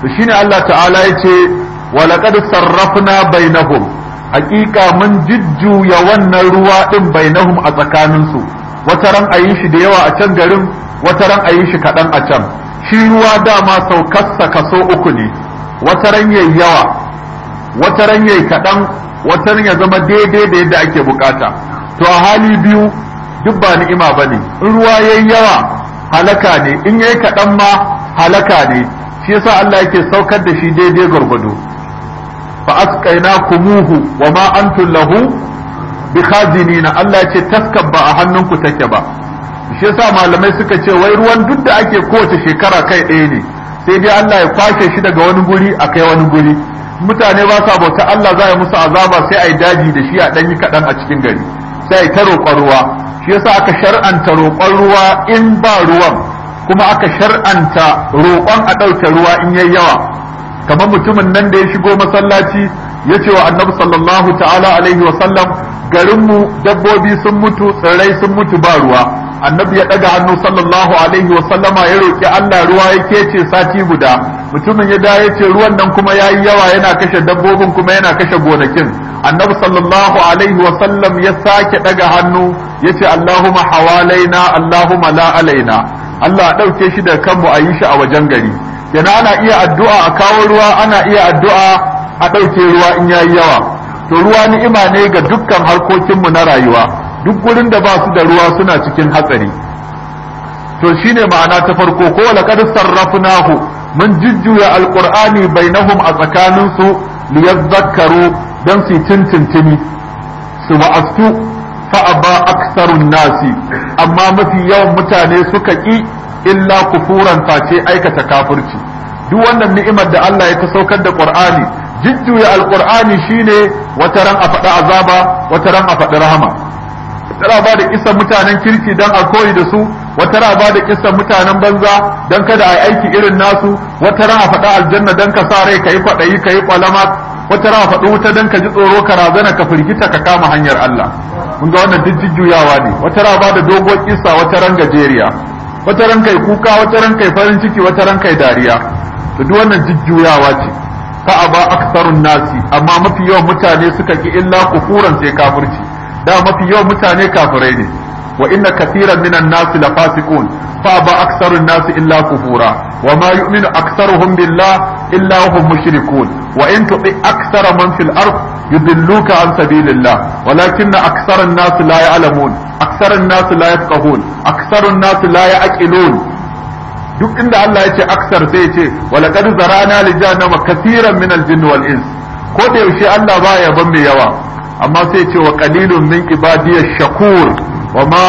to shine Allah ta'ala ya yace walaqad sarrafna bainahum haƙiƙa mun jujjuya wannan ruwa din bainahum a tsakaninsu wata ran ayin shi da yawa a can garin wata ran a yi shi kaɗan a can shi ruwa dama saukarsa kaso uku ne wata ran yayi yawa wata ran yayi kaɗan wata ran ya zama daidai da yadda ake bukata to a hali biyu duk ba ni'ima ba ne in ruwa yayi yawa halaka ne in yayi kaɗan ma halaka ne shi yasa Allah yake saukar da shi daidai gwargwado fa kumuhu wa ma antum lahu bi na. Allah ce taskar ba a hannunku take ba shi yasa malamai suka ce wai ruwan duk da ake kowace shekara kai ɗaya ne sai dai Allah ya kwashe shi daga wani guri a kai wani guri mutane ba sa bauta Allah za ya musu azaba sai a yi daji da shi a ɗan yi kaɗan a cikin gari sai ta roƙon ruwa shi yasa aka shar'anta roƙon ruwa in ba ruwan kuma aka shar'anta roƙon a ɗauke ruwa in yayi yawa kamar mutumin nan da ya shigo masallaci ya ce wa annabi sallallahu ta'ala alaihi wa sallam garinmu dabbobi sun mutu tsirrai sun mutu ba ruwa annabi ya daga hannu sallallahu alaihi wa sallama ya roki Allah ruwa ya kece sati guda mutumin ya da ya ce ruwan nan kuma yayi yawa yana kashe dabbobin kuma yana kashe gonakin annabi sallallahu alaihi wa sallam ya sake daga hannu ya ce Allahumma hawalaina Allahumma la alaina Allah ɗauke shi da kanmu a yi shi a wajen gari Yana ana iya addu'a a kawo ruwa ana iya addu'a a ɗauke ruwa in yayi yawa to ruwa ni'ima ne ga dukkan harkokinmu na rayuwa duk gurin da ba su da ruwa suna cikin hatsari to shine ma'ana ta farko ko laqad sarrafnahu mun jujjuya alqur'ani bainahum a tsakanin su liyadhakkaru dan su tintintini su wa'astu fa aba aktsarun nasi amma mafi yawan mutane suka ki illa kufuran face aikata kafirci duk wannan ni'imar da Allah ya ta saukar da Qur'ani jujjuya alqur'ani shine wata ran a faɗi azaba wata ran a faɗi rahama tara ba da kisan mutanen kirki dan a koyi da su wata ra ba da kisan mutanen banza dan kada a aiki irin nasu wata ran a faɗi aljanna dan ka sa rai kai yi kai kwalama wata ran a faɗi wuta dan ka ji tsoro ka razana ka firgita ka kama hanyar Allah kun ga wannan duk jujjuyawa ne wata ra ba da dogon kisa wata ran gajeriya wata ran kai kuka wata ran kai farin ciki wata ran kai dariya to duk wannan jujjuyawa ce fa aba aktsarun nasi amma mafi yawan mutane suka ki illa kufuran sai kafirci da mafi yawan mutane kafirai ne wa inna kathiran minan nasi la fasiqun fa aba nasi illa kufura wa ma yu'minu aktsaruhum billah illa hum mushrikun wa in tu'i aktsara man fil ardh yudilluka an sabilillah walakinna aktharun nas la ya'lamun aktharun nas la yafqahun aktharun nas la ya'qilun duk inda Allah ya ce aksar zai ya ce walaqad zarana li jahannama kaseeran min al-jinni wal ins ko da yaushe Allah ba ya ban mai yawa amma sai ce wa qalilun min ibadiyash shakur wa ma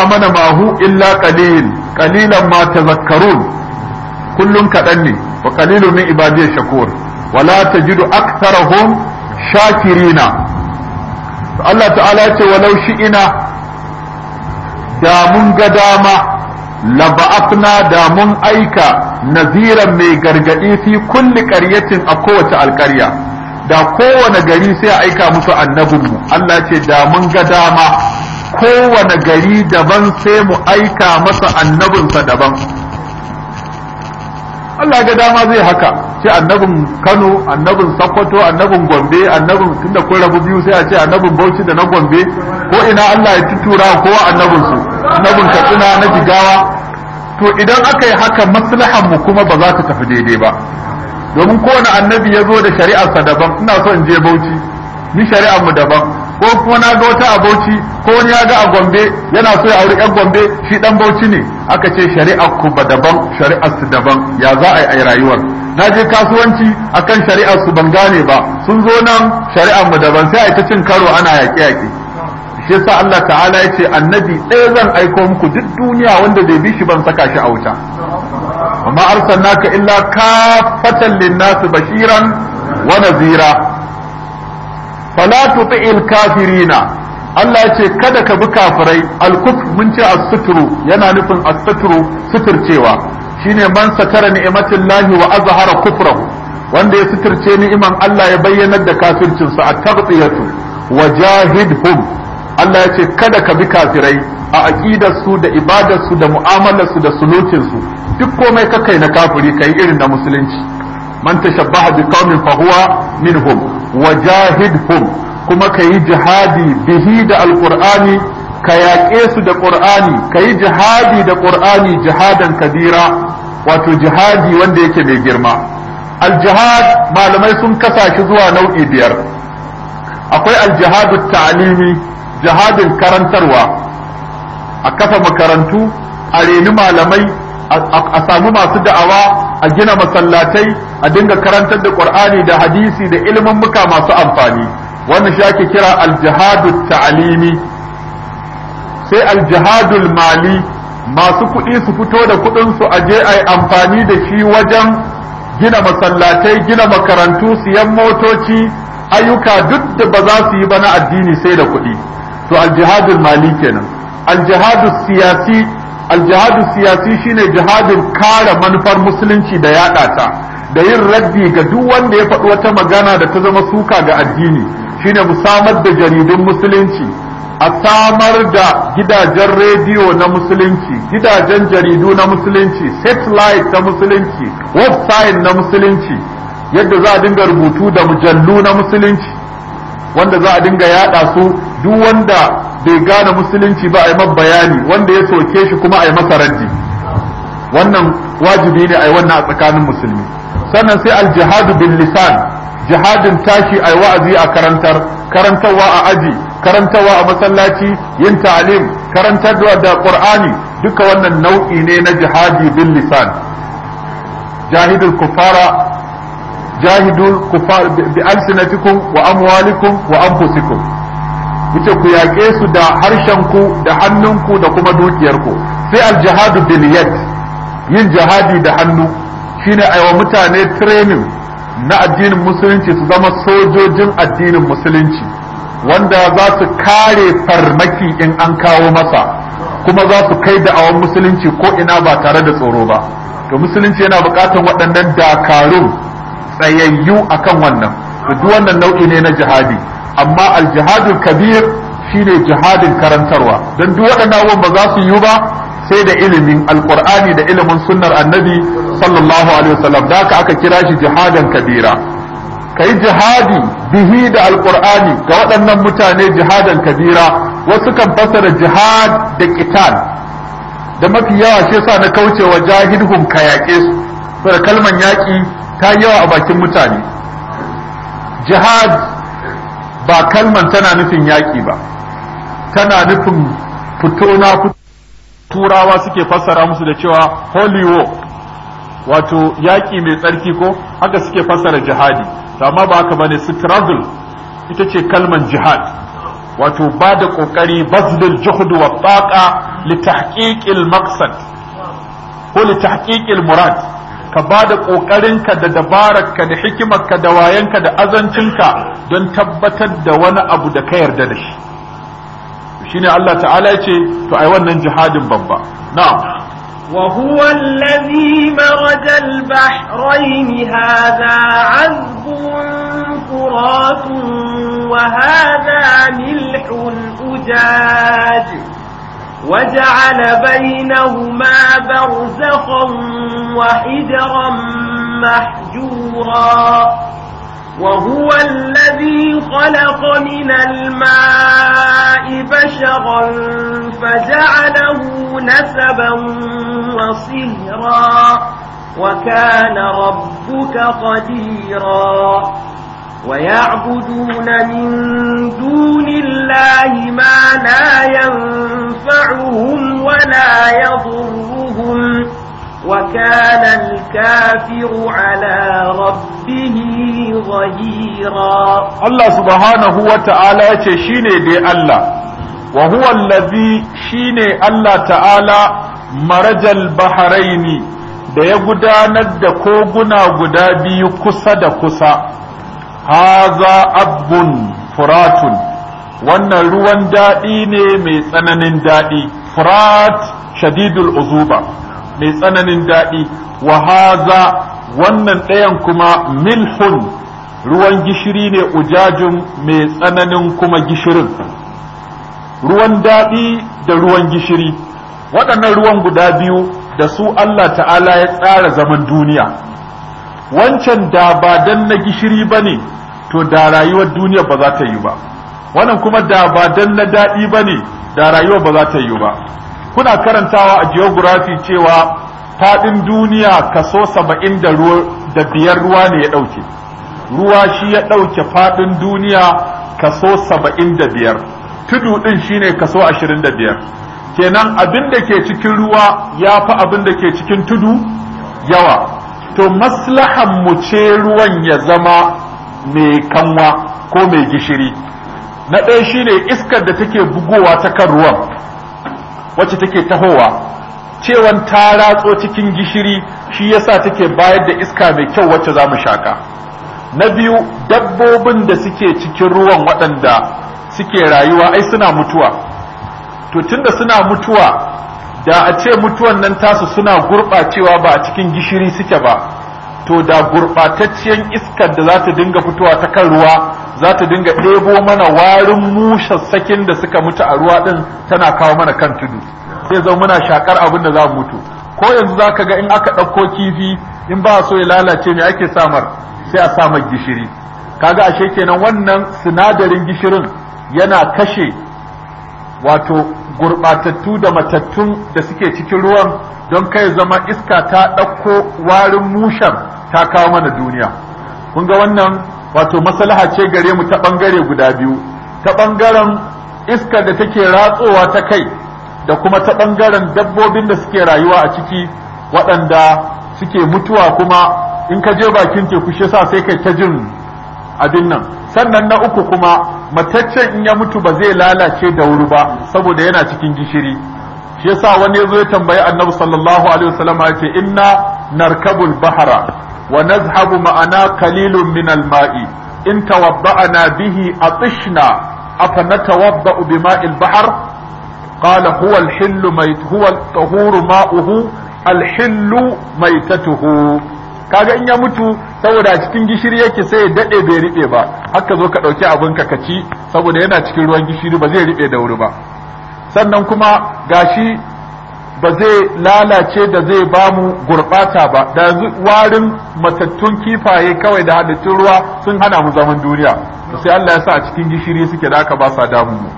amana mahu illa qalil qalilan ma tazakkarun kullun kadan ne wa qalilun min ibadiyash shakur wala ta tajidu aktharahum shakirina Allah ta'ala ce walau shi'ina da mun ga dama laba'afna da mun aika naziran mai gargadi fi kulli qaryatin a kowace alƙarya da kowane gari sai aika musu annabinmu Allah ce da mun ga dama kowane gari daban sai mu aika masa annabinsa daban Allah ga dama zai haka sai annabin Kano annabin Sokoto annabin Gombe annabin tunda kun rabu biyu sai a ce annabin Bauchi da na Gombe ko ina Allah ya tutura ko annabin su annabin Katsina na Jigawa to idan aka yi haka maslahan mu kuma ba za ta tafi daidai ba domin kowane annabi ya zo da shari'arsa daban ina so in je Bauchi ni shari'ar mu daban ko kuma na ga wata a Bauchi ko wani ya ga a Gombe yana so ya auri ƴan Gombe shi dan Bauchi ne aka ce shari'a ku ba daban shari'ar su daban ya za a yi a rayuwar na je kasuwanci akan shari'ar su ban gane ba sun zo nan shari'ar mu daban sai a yi ta cin karo ana yaƙe yaƙe shi sa Allah ta'ala ya ce annabi ɗaya zan aiko muku duk duniya wanda bai bi shi ban saka shi a wuta amma arsalnaka illa kafatan linnas bashiran wa nazira fala tuti'il kafirina Allah ya ce kada ka bi kafirai alkuf mun ce as-sutru yana nufin as-sutru suturcewa shine man satara ni'matin lahi wa azhara kufrahu wanda ya suturce ni'iman Allah ya bayyana da kafircin sa at-taghtiyatu wa jahidhum Allah ya ce kada ka bi kafirai a aqidar su da ibadar su da mu'amalar su da sulukin su duk komai kakai na kafiri kai irin da musulunci man tashabbaha bi qaumin fa huwa minhum wajahidhum kuma ka yi jihadi bihi da alqur'ani ka yaƙe su da qur'ani ka jihadi da qur'ani jihadan kabira wato jihadi wanda yake mai girma aljihad malamai sun kasa shi zuwa nau'i biyar akwai aljihadu ta'alimi jihadin karantarwa a kafa makarantu a reni malamai a samu masu da'awa a gina masallatai a dinga karantar da qur'ani da hadisi da ilimin muka masu amfani wannan shi ake kira aljihadu ta'alimi sai aljihadul mali masu kuɗi su fito da kuɗin su a je ai amfani da shi wajen gina masallatai gina makarantu siyan motoci ayyuka duk da ba za su yi ba na addini sai da kuɗi to aljihadul mali kenan aljihadu siyasi aljihadu siyasi shine jihadin kare manufar musulunci da yaɗa ta da yin raddi ga duk wanda ya faɗi wata magana da ta zama suka ga addini shine mu samar da jaridun musulunci a samar da gidajen rediyo na musulunci gidajen jaridu na musulunci satellite na musulunci website na musulunci yadda za a dinga rubutu da mujallu na musulunci wanda za a dinga yaɗa su duk wanda bai gane musulunci ba a yi bayani wanda ya soke shi kuma a yi masa raddi wannan wajibi ne a yi wannan a tsakanin musulmi sannan sai aljihadu bin lisan jihadin tashi a yi wa'azi a karantar karantarwa a aji karantarwa a masallaci yin ta'alim karantar da qur'ani duka wannan nau'i ne na jihadi bin lisan jahidul kufara jahidul kufara bi alsinatikum wa amwalikum wa anfusikum ce ku yaƙe su da harshen ku da hannunku da kuma dukiyarku sai aljihadu bil yin jihadi da hannu shine wa mutane training na addinin musulunci su zama sojojin addinin musulunci wanda za su kare farmaki in an kawo masa kuma za su kai da awon musulunci ko ina ba tare da tsoro ba to musulunci yana bukatar waɗannan dakarun tsayayyu akan wannan duk wannan nau'i ne na jihadi amma aljihadul kabir shine jihadin karantarwa don duk waɗannan abubuwan ba za su yi ba sai da ilimin alqur'ani da ilimin sunnar annabi sallallahu alaihi wasallam da aka kira shi jihadan kabira kai jihadi bihi da alqur'ani ga waɗannan mutane jihadan kabira wasu kan fassara jihad da qital da mafi yawa shi yasa na kaucewa jahidhum yaƙe su saboda kalman yaƙi ta yawa a bakin mutane jihad ba kalman tana nufin yaƙi ba tana nufin fito na turawa suke fassara musu da cewa holy war wato yaƙi mai tsarki ko haka suke fassara jihadi amma ba haka bane struggle ita ce kalman jihad wato ba da ƙoƙari bazlul juhd wa taqa li tahqiqil maqsad ko li tahqiqil murad ka ba da ƙoƙarinka da dabararka da hikimarka da wayanka da azancinka don tabbatar da wani abu da ka yarda da shi shine Allah ta'ala ya ce to ai wannan jihadin babba na'am وهو الذي مرج البحرين هذا عذب فرات وهذا ملح أجاج وجعل بينهما برزخا وحجرا محجورا وهو الذي خلق من الماء بشرا فجعله نسبا وصهرا وكان ربك قديرا ويعبدون من دون الله ما لا ينفعهم ولا يضرهم وكان الكافر على ربه ظهيرا الله سبحانه وتعالى شيني دي الله وهو الذي شيني الله تعالى مرج البحرين da ya gudanar da koguna guda biyu kusa da kusa haza Abun furatun wannan ruwan daɗi ne mai tsananin daɗi furat shadidul uzuba mai tsananin daɗi wa haza wannan ɗayan kuma milhun ruwan gishiri ne ujajin mai tsananin kuma gishirin ruwan daɗi da ruwan gishiri waɗannan ruwan guda biyu da su Allah ta'ala ya tsara zaman duniya wancan da ba dan na gishiri ba ne to da rayuwar duniya ba za ta yi ba wannan kuma da ba dan na daɗi ba ne da rayuwar ba za ta yi ba kuna karantawa a geography cewa faɗin duniya kaso saba'in da biyar ruwa ne ya ɗauke ruwa shi ya ɗauke faɗin duniya kaso saba'in da biyar tudu ɗin shine kaso ashirin da biyar kenan abin da ke cikin ruwa ya fi abin da ke cikin tudu yawa to maslahan mu ce ruwan ya zama mai kanwa ko mai gishiri na ɗaya shine iskar da take bugowa ta kan ruwan wacce take tahowa cewan ta ratso cikin gishiri shi yasa take bayar da iska mai kyau wacce za mu shaka na biyu dabbobin da suke cikin ruwan waɗanda suke rayuwa ai suna mutuwa to tunda suna mutuwa da a ce mutuwan nan tasu suna gurɓacewa ba a cikin gishiri suke ba to da gurɓatacciyar iskar da za ta dinga fitowa ta kan ruwa za ta dinga ɗebo mana warin sakin da suka mutu a ruwa ɗin tana kawo mana kan tudu sai zama muna shakar abin da za mu mutu ko yanzu za ka ga in aka ɗauko kifi in ba so ya lalace me ake samar sai a samar gishiri kaga ashe kenan wannan sinadarin gishirin yana kashe wato gurɓatattu da matattun da suke cikin ruwan don kai zama iska ta ɗauko warin mushar ta kawo mana duniya kun ga wannan wato masalaha ce gare mu ta ɓangare guda biyu ta ɓangaren iska da take ratsowa ta kai da kuma ta ɓangaren dabbobin da suke rayuwa a ciki waɗanda suke mutuwa kuma in ka je bakin teku shi sa sai kai ta jin abin nan sannan na uku kuma mataccen in ya mutu ba zai lalace da wuri ba saboda yana cikin gishiri shi yasa wani yazo ya tambayi annabi sallallahu alaihi wasallam ya ce inna narkabul bahra wa nazhabu ma'ana qalilun min al-ma'i in tawabba'na bihi atishna afa natawabba'u bima'il bahr qala huwa al-hillu mayt huwa al-tahuru ma'uhu al kaga in ya mutu saboda a cikin gishiri yake sai ya dade bai riɓe ba haka zo ka dauki abin ka kaci saboda yana cikin ruwan gishiri ba zai ribe da wuri ba sannan kuma gashi ba zai lalace da zai bamu gurbata ba da yanzu warin matattun kifaye kawai da hadittun ruwa sun hana mu zaman duniya sai Allah ya sa a cikin gishiri suke da aka ba sa damu mu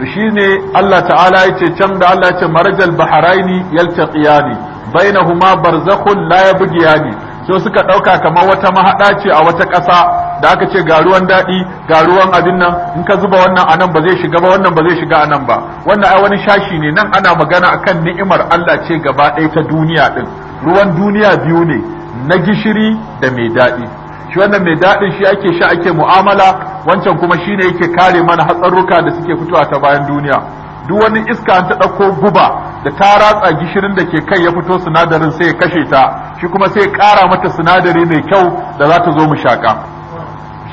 to shine Allah ta'ala ya ce can da Allah ya ce marajal baharaini yaltaqiyani bainahuma barzakhun la yabghiyani so suka dauka kamar wata mahada ce a wata ƙasa da aka ce ga ruwan daɗi ga ruwan abin nan in ka zuba wannan anan ba zai shiga ba wannan ba zai shiga anan ba wannan ai wani shashi ne nan ana magana akan ni'imar Allah ce gaba ɗaya ta duniya din ruwan duniya biyu ne na gishiri da mai daɗi shi wannan mai daɗin shi ake sha ake mu'amala wancan kuma shine yake kare mana hatsarruka da suke fitowa ta bayan duniya duk wani iska ta ɗauko guba da ta ratsa gishirin da ke kai ya fito sinadarin sai ya kashe ta shi kuma sai ya kara mata sinadari mai kyau da za ta zo mu shaƙa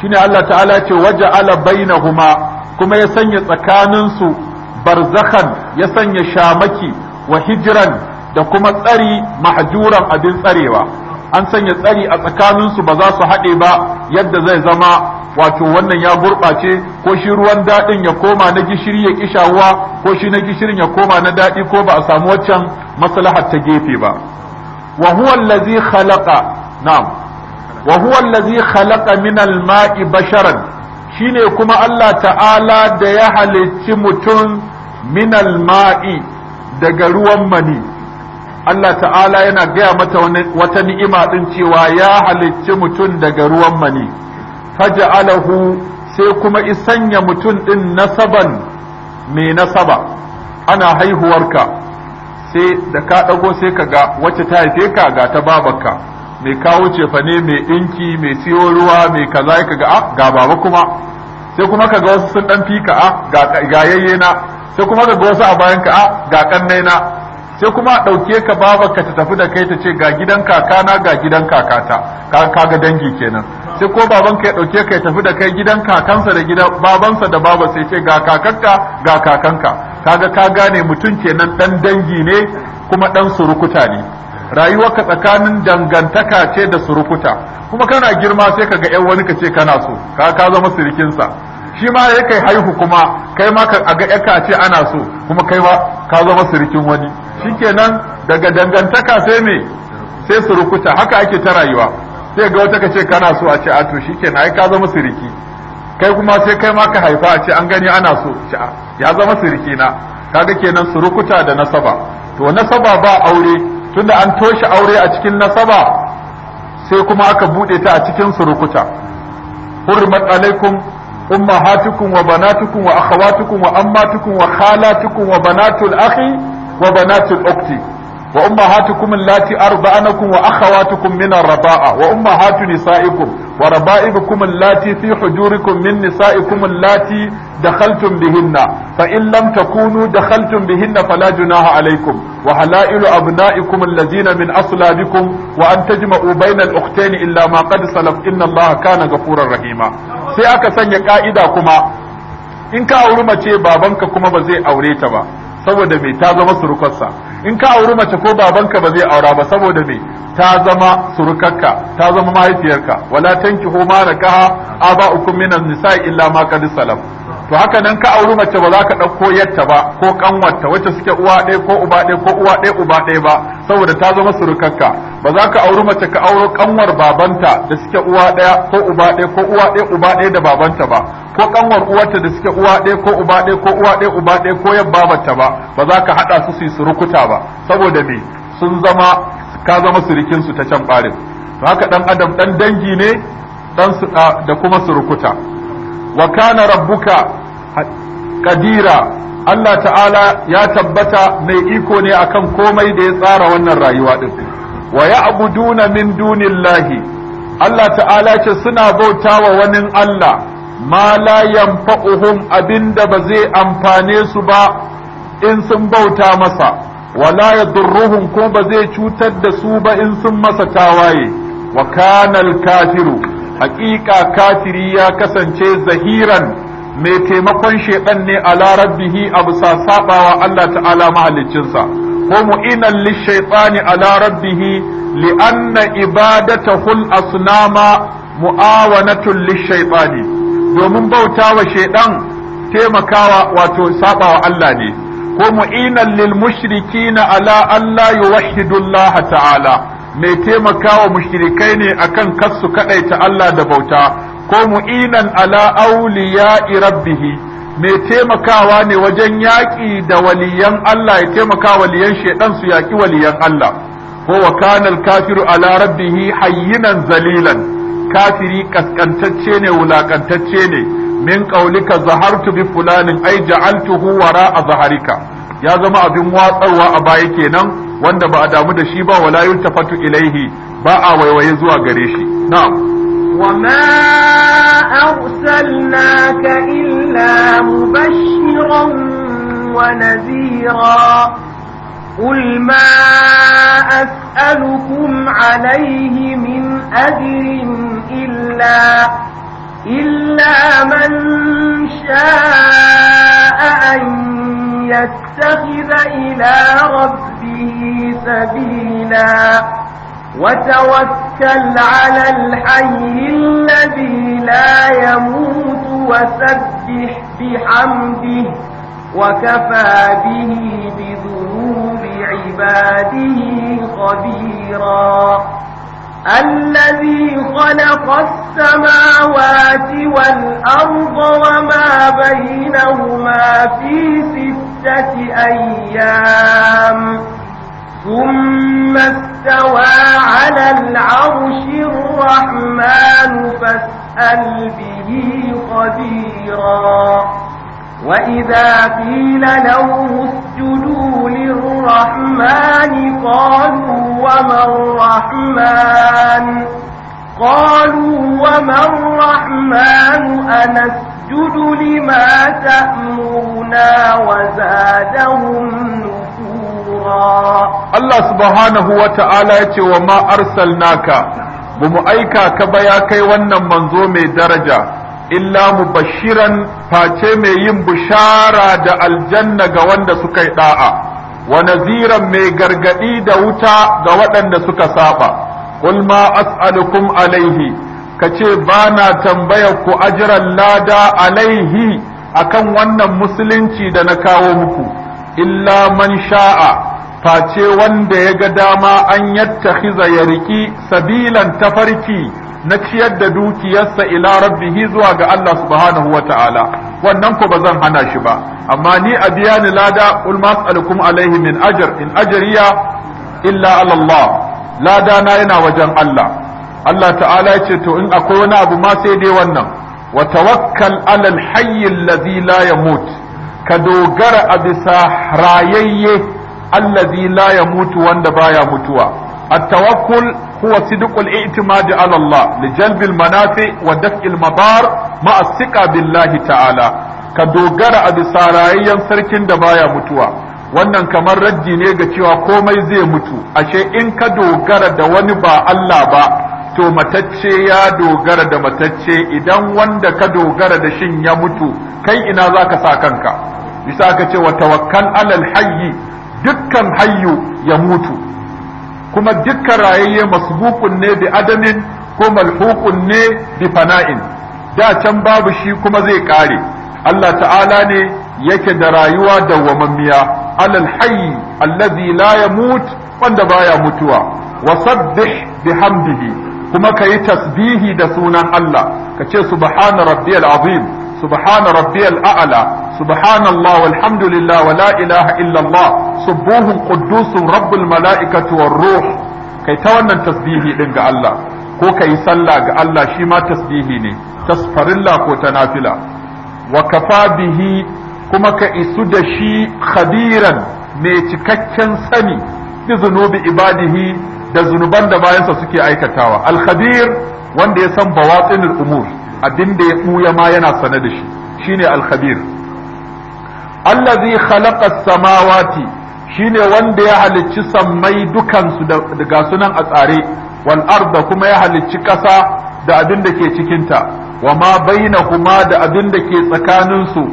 shine Allah ta'ala ce waje ala bainahuma kuma ya sanya tsakaninsu barzakhan ya sanya shamaki wa hijran da kuma tsari mahajuran abin tsarewa an sanya tsari a tsakaninsu ba za su haɗe ba yadda zai zama wato wannan ya gurɓace ko shi ruwan daɗin ya koma na gishiri ya kishawuwa ko shi na gishirin ya koma na daɗi ko ba a samu waccan maslahar ta gefe ba wa huwa allazi khalaqa na'am wa huwa allazi khalaqa min al-ma'i basharan shine kuma Allah ta'ala da ya halicci mutum min al-ma'i daga ruwan mani Allah ta'ala yana gaya mata wata ni'ima ɗin cewa ya halicci mutum daga ruwan mani faja'alahu sai kuma isanya mutum din nasaban mai nasaba ana haihuwarka sai da ka dago sai kaga ga wacce ta haife ka ga ta babarka mai kawo cefane mai dinki mai siyo ruwa mai kaza ka ga ga baba kuma sai kuma ka wasu sun dan fika a ga yayye na sai kuma ka ga wasu a bayan ka a ga kannai na sai kuma a ɗauke ka babarka ta tafi da kai ta ce ga gidan kakana ga gidan kakata ka kaga dangi kenan sai ko babanka ya ɗauke ka ya tafi da kai gidan kakansa da gidan babansa da baba sai ce ga kakanka ga kakanka kaga ka gane mutum kenan ɗan dangi ne kuma ɗan surukuta ne rayuwarka tsakanin dangantaka ce da surukuta kuma kana girma sai kaga yan wani ka ce kana so ka ka zama sirikinsa shi ma ya kai haihu kuma kai ma a ga yaka ce ana so kuma kai ma ka zama sirikin wani shikenan daga dangantaka sai me sai surukuta haka ake ta rayuwa sai ga wata kace kana so a ce a to shikenan ai ka zama siriki kai kuma sai kai ma ka haifa a ce an gani ana so ci a ya zama siriki na kaga kenan surukuta da nasaba to nasaba ba aure tunda an toshe aure a cikin nasaba sai kuma aka bude ta a cikin surukuta hurmat alaikum ummahatukum wa banatukum wa akhawatukum wa ammatukum wa khalatukum wa banatul akhi wa banatul ukhti wa ummahatukum allati arba'anakum wa akhawatukum min ar-raba'a wa ummahatu nisa'ikum wa raba'ibukum allati fi hujurikum min nisa'ikum allati dakhaltum bihinna fa in lam takunu dakhaltum bihinna fala junaha alaykum wa halailu abna'ikum allazina min aslabikum wa an tajma'u bayna al illa ma qad salaf inna allaha kana ghafurar rahima sai aka sanya ka'ida kuma in ka auri mace babanka kuma ba zai aure ta ba saboda me ta zama surukarsa in ka auri mace ko babanka ba zai aura ba saboda me ta zama surukarka ta zama mahaifiyarka wala tankihu ma nakaha aba'ukum minan nisa illa ma qad salam to haka nan ka auri mace ba za ka ɗauko yatta ba ko kanwarta wacce suke uwa ɗaya ko uba ɗaya ko uwa ɗaya uba ɗaya ba saboda ta zama surukanka, ba za ka auri mace ka auro kanwar babanta da suke uwa ɗaya ko uba ɗaya ko uwa ɗaya uba ɗaya da babanta ba ko kanwar uwarta da suke uwa ɗaya ko uba ɗaya ko uwa ɗaya uba ɗaya ko yan babanta ba ba za ka haɗa su su yi surukuta ba saboda me sun zama ka zama surukin ta can ɓarin to haka ɗan adam ɗan dangi ne ɗan da kuma surukuta wa kana rabbuka kadira Allah ta'ala ya tabbata mai iko ne akan komai da ya tsara wannan rayuwa din wa ya'buduna min dunillahi Allah ta'ala ce suna bautawa wani Allah ma la yanfa'uhum abinda ba zai amfane su ba in sun bauta masa wala yadurruhum ko ba zai cutar da su ba in sun masa tawaye wa kana al-kafiru haqiqa kafiri ya kasance zahiran mai taimakon shedan ne ala rabbihi a bisa sabawa Allah ta'ala mahaliccinsa ko mu'inan lishaytani ala rabbihi li'anna ibadatahu al-asnama mu'awanatun lishaytani domin bautawa shedan taimakawa wato sabawa Allah ne ko mu'inan lil mushrikina ala alla yuwahhidullah ta'ala mai taimakawa mushrikai ne akan kasu kadaita Allah da bauta ko mu'inan ala auliya rabbihi mai taimakawa ne wajen yaƙi da waliyan Allah ya taimaka waliyan shaidan su yaƙi waliyan Allah ko wa kanal kafiru ala rabbihi hayyinan zalilan kafiri kaskantacce ne wulakantacce ne min qaulika zahartu bi fulanin ai ja'altuhu wara a zaharika ya zama abin watsarwa a baya kenan wanda ba a damu da shi ba wala yuntafatu ilaihi ba a waiwaye zuwa gare shi na'am وما أرسلناك إلا مبشرا ونذيرا قل ما أسألكم عليه من أجر إلا إلا من شاء أن يتخذ إلى ربه سبيلا وتوكل على الحي الذي لا يموت وسبح بحمده وكفى به بذنوب عباده خبيرا الذي خلق السماوات والأرض وما بينهما في ستة أيام ثم استوى على العرش الرحمن فاسأل به قديرا وإذا قيل لهم اسجدوا للرحمن قالوا وما الرحمن قالوا وما الرحمن أنسجد لما تأمرنا وزادهم نورا Allah subhanahu wa ta'ala ya ce wa ma arsalnaka ba mu aika ka ba ya kai wannan manzo mai daraja illa mu bashiran face mai yin bushara da aljanna ga wanda suka yi ɗa'a, wa naziran mai gargaɗi da wuta ga waɗanda suka saba qul ma as'alukum alaihi kace bana tambayar ku ajran lada alaihi akan wannan musulunci da na kawo muku illa man sha'a face wanda ya ga dama an yattakhiza ya riki sabilan tafarki na ciyar da dukiyarsa ila rabbihi zuwa ga Allah subhanahu wa ta'ala wannan ko zan hana shi ba amma ni a biya ni lada qul mas'alukum alaihi min ajar, in ajriya illa ala lada na yana wajen Allah Allah ta'ala ya ce to in akwai wani abu ma sai dai wannan wa tawakkal alal hayyin Lazila ya la yamut ka dogara a bisa rayayye allazi la mutu wanda baya mutuwa التوكل هو صدق الاعتماد على الله لجلب المنافع ودفع المضار مع الثقة بالله تعالى كدوغر أبي سارايا سركن دبايا متوى wannan kamar raddi ne ga cewa komai zai mutu ashe in ka dogara da wani ba Allah ba to matacce ya dogara da matacce idan wanda ka dogara da shin ya mutu kai ina za ka sa kanka bisa ka ce wa tawakkal alal hayyi dukkan hayyu ya mutu kuma dukkan rayayye masbuqun ne bi adamin ko malhuqun ne bi fana'in da can babu shi kuma zai kare Allah ta'ala ne yake da rayuwa dawwamammiya alal hayy allazi la yamut wanda baya mutuwa wasabbih bihamdihi kuma kayi tasbihi da sunan Allah kace subhana rabbiyal azim سبحان ربي الأعلى سبحان الله والحمد لله ilaha إله إلا الله سبوه قدوس رب الملائكة والروح كي تونا تسبيهي لنك Allah, ko ka sallah ga Allah shi ma tasbihi ne tasfarilla ko tanafila. nafila wa kafa bihi kuma ka isu da shi khadiran mai cikakken sani bi zunubi ibadihi da zunuban da bayansa suke aikatawa al wanda ya san bawatsinul umur abin da ya ɓuya ma yana sane da shi shine alkhabir allazi khalaqa as-samawati shine wanda ya halicci sammai dukansu da ga sunan a tsare wal arda kuma ya halicci ƙasa da abin da ke cikinta wa ma bainahuma da abin da ke tsakaninsu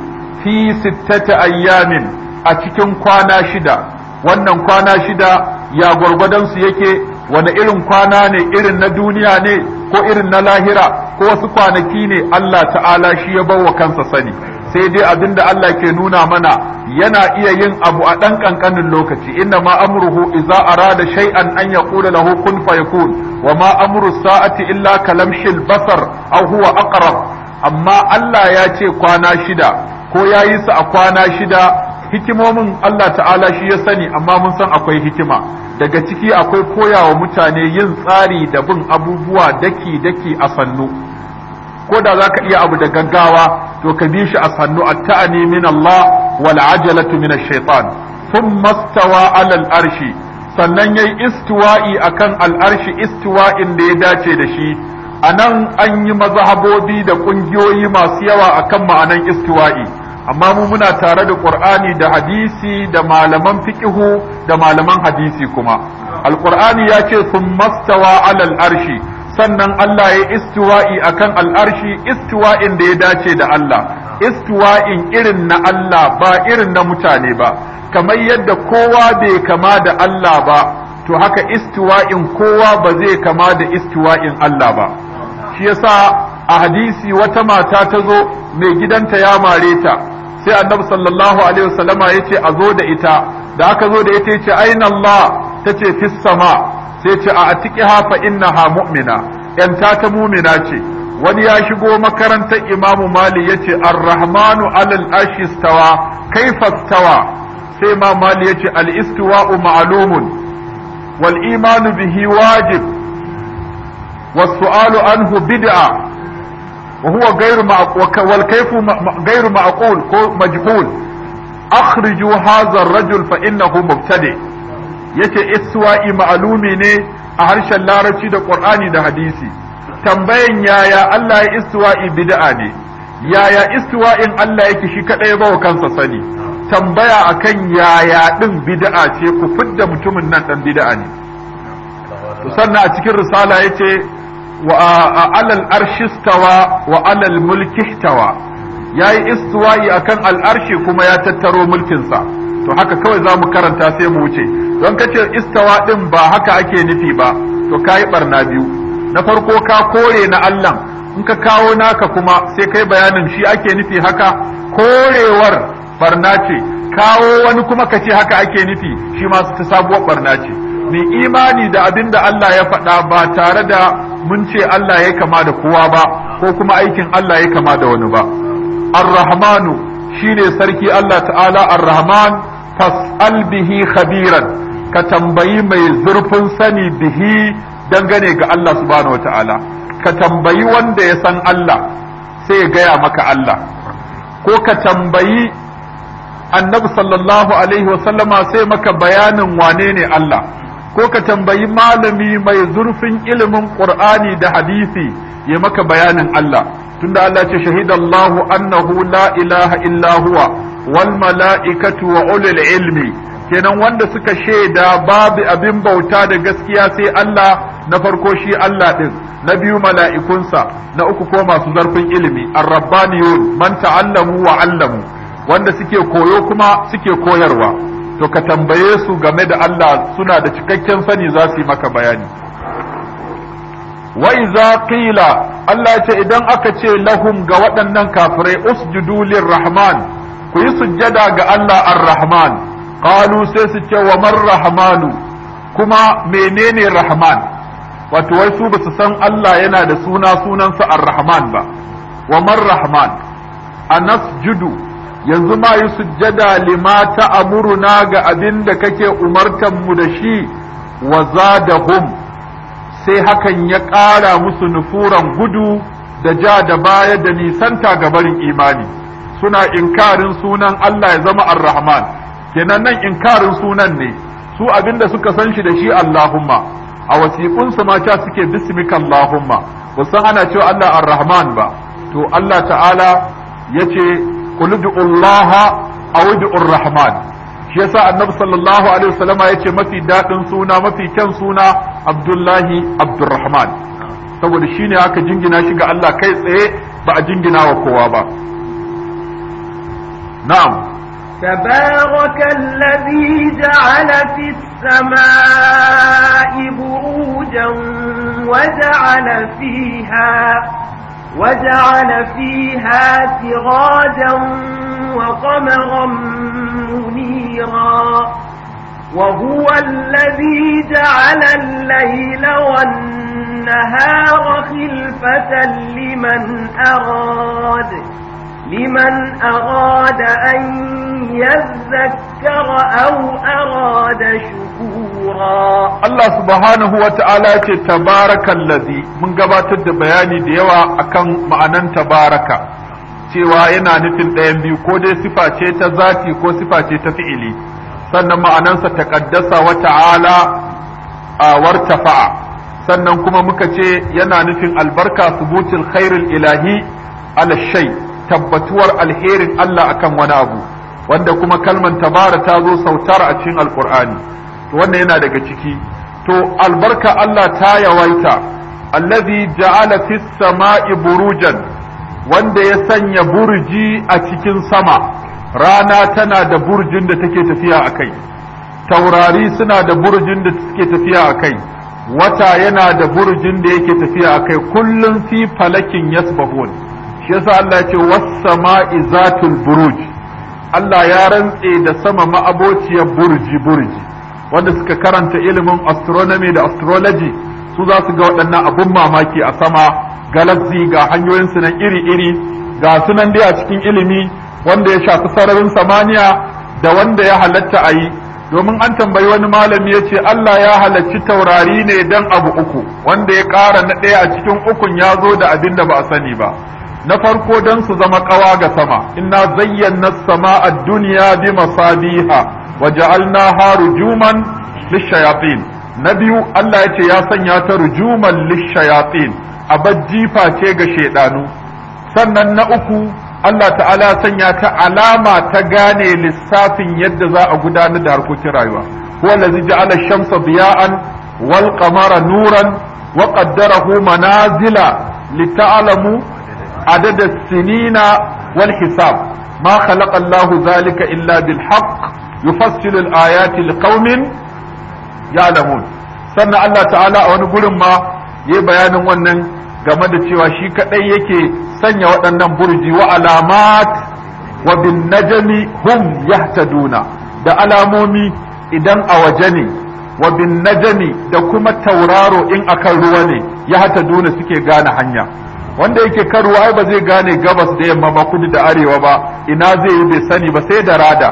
fi sittati ayyamin a cikin kwana shida wannan kwana shida ya gwargwadon su yake wani irin kwana ne irin na duniya ne ko irin na lahira ko wasu kwanaki ne Allah ta'ala shi ya bawa kansa sani sai dai abinda Allah ke nuna mana yana iya yin abu a ɗan ƙanƙanin lokaci inna ma amruhu iza arada shay'an an yaqula lahu kun fayakun wa ma amru sa'ati illa kalamshil basar aw huwa aqrab amma Allah ya ce kwana shida ko ya yi su a kwana shida hikimomin Allah ta'ala shi ya sani amma mun san akwai hikima daga ciki akwai koyawa mutane yin tsari da bin abubuwa daki daki a sannu ko da za ka iya abu da gaggawa to ka bi shi a sannu atta'ani min Allah wal ajalatu min ash-shaytan thumma stawa arshi sannan yayi istiwa'i akan al-arshi istiwa'in da ya dace da shi anan an yi mazhabobi da ƙungiyoyi masu yawa akan ma'anan istiwa'i amma mu muna tare da qur'ani da hadisi da malaman fiƙihu da malaman hadisi kuma alqur'ani ya ce summastawa alal arshi sannan Allah ya istiwa'i akan al'arshi istiwa'in da ya dace da Allah istiwa'in irin na Allah ba irin na mutane ba kamar yadda kowa bai kama da Allah ba to haka istiwa'in kowa ba zai kama da istiwa'in Allah ba shi yasa a hadisi wata mata ta zo mai gidanta ya mare ta sai annabi sallallahu alaihi yace a zo da ita da aka zo da ita yace aina Allah tace fis sama sai ce a atiqiha fa innaha mu'mina yan ta ta mu'mina ce wani ya shigo makarantar imamu mali yace ar-rahmanu alal arshi istawa kaifa istawa sai ma mali yace al-istiwa'u ma'lumun wal imanu bihi wajib was su'alu anhu bid'a wa huwa ghayru ma'qul wal kayfu ghayru ma'qul ko majhul akhriju hadha ar yace iswa'i ma'lumi ne a harshen larabci da qur'ani da hadisi tambayan yaya Allah ya istiwa'i bid'a ne yaya istiwa'in Allah yake shi kadai ba wa kansa sani tambaya akan yaya din bid'a ce ku fidda mutumin nan dan bid'a ne to sannan a cikin risala yace وعلى الأرش استوى وعلى الملك احتوى ياي استوائي أكن al'arshi kuma ya tattaro mulkinsa, to haka kawai za mu karanta sai mu wuce don ka ce istawa ɗin ba haka ake nufi ba to ka yi ɓarna biyu na farko ka kore na Allah in ka kawo naka kuma sai kai bayanin shi ake nufi haka korewar barna ce kawo wani kuma ka ce haka ake nufi shi ma ta sabuwar barna ce mai imani da abin da Allah ya faɗa ba tare da mun ce Allah ya kama da kowa ba ko kuma aikin Allah ya kama da wani ba ar-rahmanu shine sarki Allah ta'ala ar-rahman fas'al bihi khabiran ka tambayi mai zurfin sani bihi dangane ga Allah subhanahu wata'ala ka tambayi wanda ya san Allah sai ya gaya maka Allah ko ka tambayi annabi sallallahu alaihi wasallama sai maka bayanin wane ne Allah ko ka tambayi malami mai zurfin ilimin qur'ani da hadisi ya maka bayanin Allah tunda Allah ce shahidallahu annahu la ilaha illa huwa wal mala'ikatu wa ulul ilmi kenan wanda suka shaida babu abin bauta da gaskiya sai Allah na farko shi Allah din na biyu mala'ikunsa na uku ko masu zarfin ilimi arrabbaniyun manta man ta'allamu wa allamu wanda suke koyo kuma suke koyarwa to ka tambaye su game da Allah suna da cikakken sani za su yi maka bayani wa iza qila Allah ya ce idan aka ce lahum ga waɗannan kafirai usjudu lirrahman ku yi sujjada ga Allah arrahman rahman qalu sai su ce wa mar rahmanu kuma menene rahman wato wai su ba su san Allah yana da suna sunansa arrahman ba wa mar rahman anasjudu yanzu ma yi sujjada lima ta amuruna ga abin da kake umartanmu da shi wa zadahum sai hakan ya ƙara musu nufuran gudu da ja da baya da nisanta ga barin imani suna inkarin sunan Allah ya zama ar-Rahman kenan nan inkarin sunan ne su abin da suka san shi da shi Allahumma a wasiƙunsu mata suke bismika Allahumma ba san ana cewa Allah ar-Rahman ba to Allah ta'ala ya ce. qul du'ullaha aw du'ur rahman shi yasa annabi sallallahu alaihi wasallama yace mafi daɗin suna mafi kyan suna abdullahi abdurrahman saboda shine aka jingina shi ga Allah kai tsaye ba a jingina wa kowa ba na'am تبارك da جعل sama'i السماء بروجا وجعل فيها وجعل فيها سراجا وقمرا منيرا وهو الذي جعل الليل والنهار خلفة لمن أراد لمن أراد أن يذكر أو أراد شكورا الله سبحانه وتعالى تبارك الذي من قبات بياني ديوا أكن معنى تبارك cewa yana nufin ɗayan biyu ko dai sifa ce ta zati ko sifa ce ta fi'ili sannan ma'anansa taƙaddasa wa ta'ala a wartafa'a sannan kuma muka ce yana nufin albarka subutul khairul ilahi ala shay tabbatuwar alherin Allah akan wani abu wanda kuma kalman tabara ta zo sautara a cikin alqur'ani to wannan yana daga ciki to albarka Allah ta yawaita allazi ja'ala fis sama'i burujan wanda ya sanya burji a cikin sama rana tana da burjin da take tafiya a kai taurari suna da burjin da suke tafiya a kai wata yana da burjin da yake tafiya a kai kullum fi falakin yasbahun shi yasa Allah ce was-sama'i zatul buruj Allah ya rantse da sama ma'abociyar burji burji wanda suka karanta ilimin astronomy da astrology su za su ga waɗannan abun mamaki a sama galaxy ga hanyoyin su na iri-iri ga sunan dai a cikin ilimi wanda ya shafi sararin samaniya da wanda ya halatta a yi domin an tambayi wani malami ya ce Allah ya halarci taurari ne dan abu uku wanda ya ƙara na ɗaya a cikin ukun ya zo da abin da ba a sani ba na farko don su zama kawa ga sama inna zayyana sama a duniya bi masabiha wa ja'alnaha rujuman lishayatin na biyu Allah ya ce ya sanya ta rujuman lishayatin a jifa ce ga shedanu sannan na uku Allah ta'ala sanya ta alama ta gane lissafin yadda za a gudanar da harkokin rayuwa huwa allazi ja'ala shamsa diya'an wal qamara nuran wa qaddarahu manazila lita'lamu عدد السنين والحساب ما خلق الله ذلك إلا بالحق يفصل الآيات لقوم يعلمون سنة الله تعالى ونقول ما يبيان ونن game da cewa shi kaɗai yake sanya waɗannan burji wa alamat wa bin najmi hum yahtaduna da alamomi idan a waje ne wa bin najmi da kuma tauraro in akan ruwa ne yahtaduna suke gane hanya wanda yake karu, ai ba zai gane gabas da yamma ba kudu da arewa ba ina zai yi bai sani ba sai da rada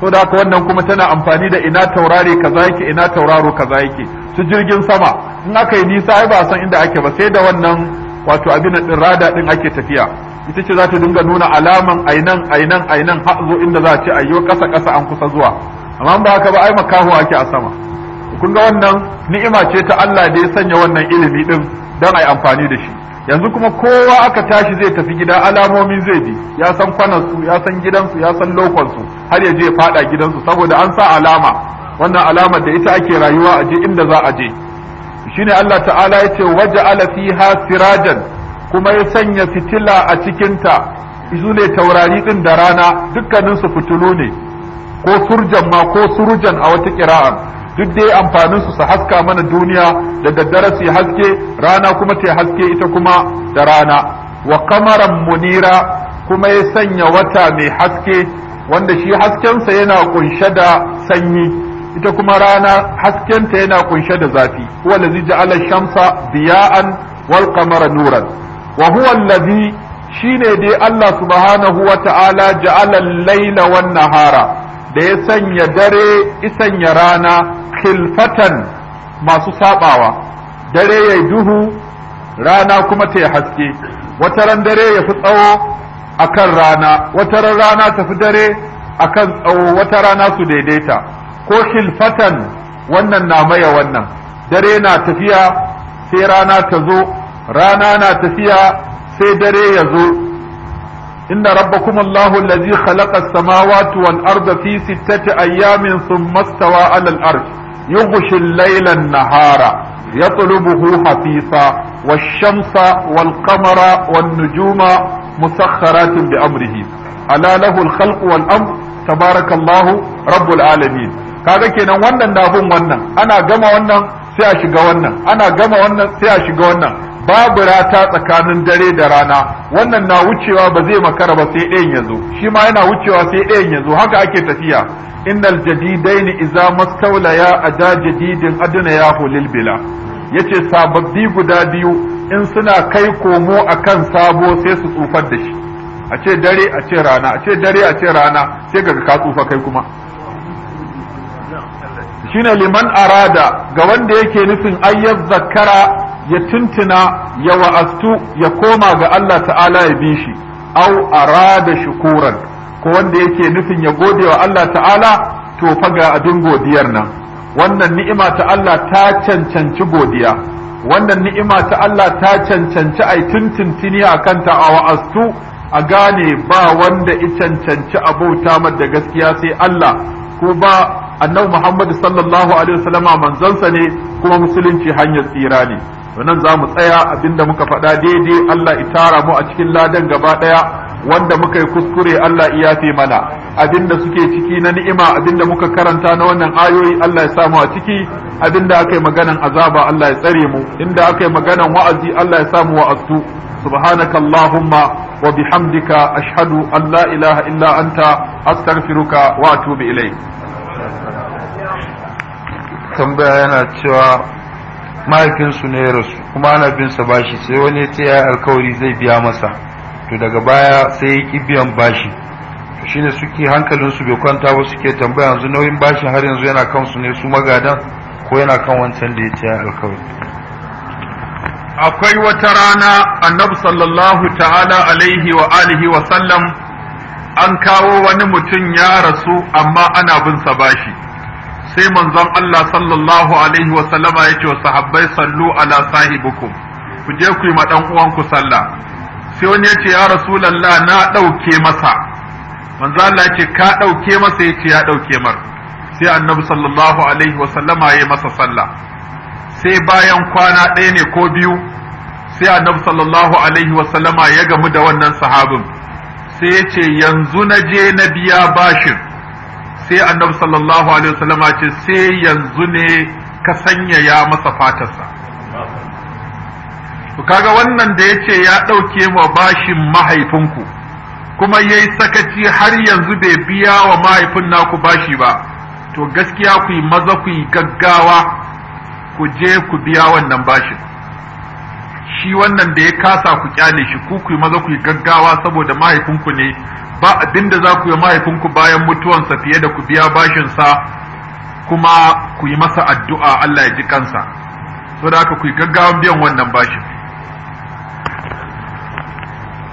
so da haka wannan kuma tana amfani da ina taurare kaza yake ina tauraro kaza yake su jirgin sama in aka yi nisa ai ba san inda ake ba sai da wannan wato abin din rada din ake tafiya ita ce za ta dinga nuna alaman ainan ainan ainan har zo inda za a ce ayyo kasa kasa an kusa zuwa amma ba haka ba ai makaho ake a sama kun ga wannan ni'ima ce ta Allah da ya sanya wannan ilimi din don ai amfani da shi yanzu kuma kowa aka tashi zai tafi gida alamomi zai bi ya san kwanansu ya san gidansu ya san lokonsu har ya je ya fada gidansu saboda an sa alama wannan alamar da ita ake rayuwa a je inda za a je shine Allah ta'ala yace waja'ala fiha sirajan kuma ya sanya fitila a cikin ta izu ne taurari din da rana dukkaninsu su fitulu ne ko surjan ma ko surjan a wata kira'a duk dai amfanin su haska mana duniya da daddare su haske rana kuma ta haske ita kuma da rana wa kamaran munira kuma ya sanya wata mai haske wanda shi haskensa yana kunshe da sanyi ita kuma rana haskenta yana kunshe da zafi huwa allazi ja'ala shamsa diya'an wal qamara nuran wa huwa allazi shine dai Allah subhanahu wa ta'ala ja'ala al-laila wan nahara da ya sanya dare sanya rana khilfatan masu sabawa dare yayi duhu rana kuma ta haske wataran dare ya fi tsawo akan rana wataran rana ta fi dare akan tsawo wata rana su daidaita ko khilfatan wannan na maya wannan dare na tafiya sai rana ta zo rana na tafiya sai dare ya zo إن ربكم الله الذي خلق السماوات والأرض في ستة أيام ثم استوى على الأرض يغشي الليل النهار يطلبه حفيصا والشمس والقمر والنجوم مسخرات بأمره ألا له الخلق والأمر تبارك الله رب العالمين kaga kenan wannan na bin wannan ana gama wannan sai a shiga wannan ana gama wannan sai a shiga wannan babu rata tsakanin dare da rana wannan na wucewa ba zai makara ba sai ɗayan ya zo shi ma yana wucewa sai ɗayan ya zo haka ake tafiya innal jadidaini iza mastaula ya ada jadidin aduna ya hulil bila yace sababbi guda biyu in suna kai komo akan sabo sai su tsufar da shi a ce dare a ce rana a ce dare a ce rana sai ga ka tsufa kai kuma shine liman arada ga wanda yake nufin ayyaz zakara ya tuntuna ya wa'astu ya koma ga Allah ta'ala ya bi shi au arada shukuran ko wanda yake nufin ya gode wa Allah ta'ala to fa ga abin godiyar nan wannan ni'ima ta Allah ta cancanci godiya wannan ni'ima ta Allah ta cancanci ai tuntuntuni a kanta a wa'astu a gane ba wanda i cancanci abota da gaskiya sai Allah ko ba annabi Muhammad sallallahu alaihi wasallama manzansa ne kuma musulunci hanyar tsira ne to nan za mu tsaya abinda muka faɗa daidai Allah itara mu a cikin ladan gaba ɗaya wanda muka yi kuskure Allah iya fi mana abinda suke ciki na ni'ima abinda muka karanta na wannan ayoyi Allah ya samu a ciki abinda aka yi maganan azaba Allah ya tsare mu inda aka yi maganan wa'azi Allah ya samu wa'aztu subhanakallahumma ashhadu أشهد أن لا إله إلا أنت أستغفرك وأتوب إليك tambaya yana cewa mahaifinsu ne ya rasu kuma ana bin sa bashi sai wani ya ce ya alkawari zai biya masa to daga baya sai ya ki biyan bashi shine suke hankalinsu bai kwanta ba suke tambaya yanzu nauyin bashi har yanzu yana kansu ne su magadan ko yana kan wancan da ya ce ya alkawari akwai wata rana annabi sallallahu ta'ala alaihi wa alihi wa sallam an kawo wani mutum ya rasu amma ana bin sa bashi sai manzon Allah sallallahu alaihi wa sallama yake wa sahabbai sallu ala sahibukum ku je ku yi ma dan uwanku sallah sai wani ya ya rasulullah na dauke masa manzon Allah yake ka dauke masa yace ya dauke mar sai annabi sallallahu alaihi wa sallama ya masa sallah sai bayan kwana ɗaya ne ko biyu sai annabi sallallahu alaihi wa sallama ya gamu da wannan sahabin sai yace yanzu na je na biya bashin sai annabi sallallahu alaihi wasallama ce sai yanzu ne ka ya masa fatarsa to kaga wannan da yace ya dauke ma bashin mahaifinku kuma yayi sakaci har yanzu bai biya wa mahaifin naku bashi ba to gaskiya ku yi maza ku yi gaggawa ku je ku biya wannan bashin shi wannan da ya kasa ku kyale shi ku ku yi maza ku yi gaggawa saboda mahaifinku ne ba abinda za ku yi mahaifinku bayan mutuwansa fiye da ku biya bashinsa kuma ku yi masa addu'a Allah ya ji kansa da haka ku yi gaggawan biyan wannan bashin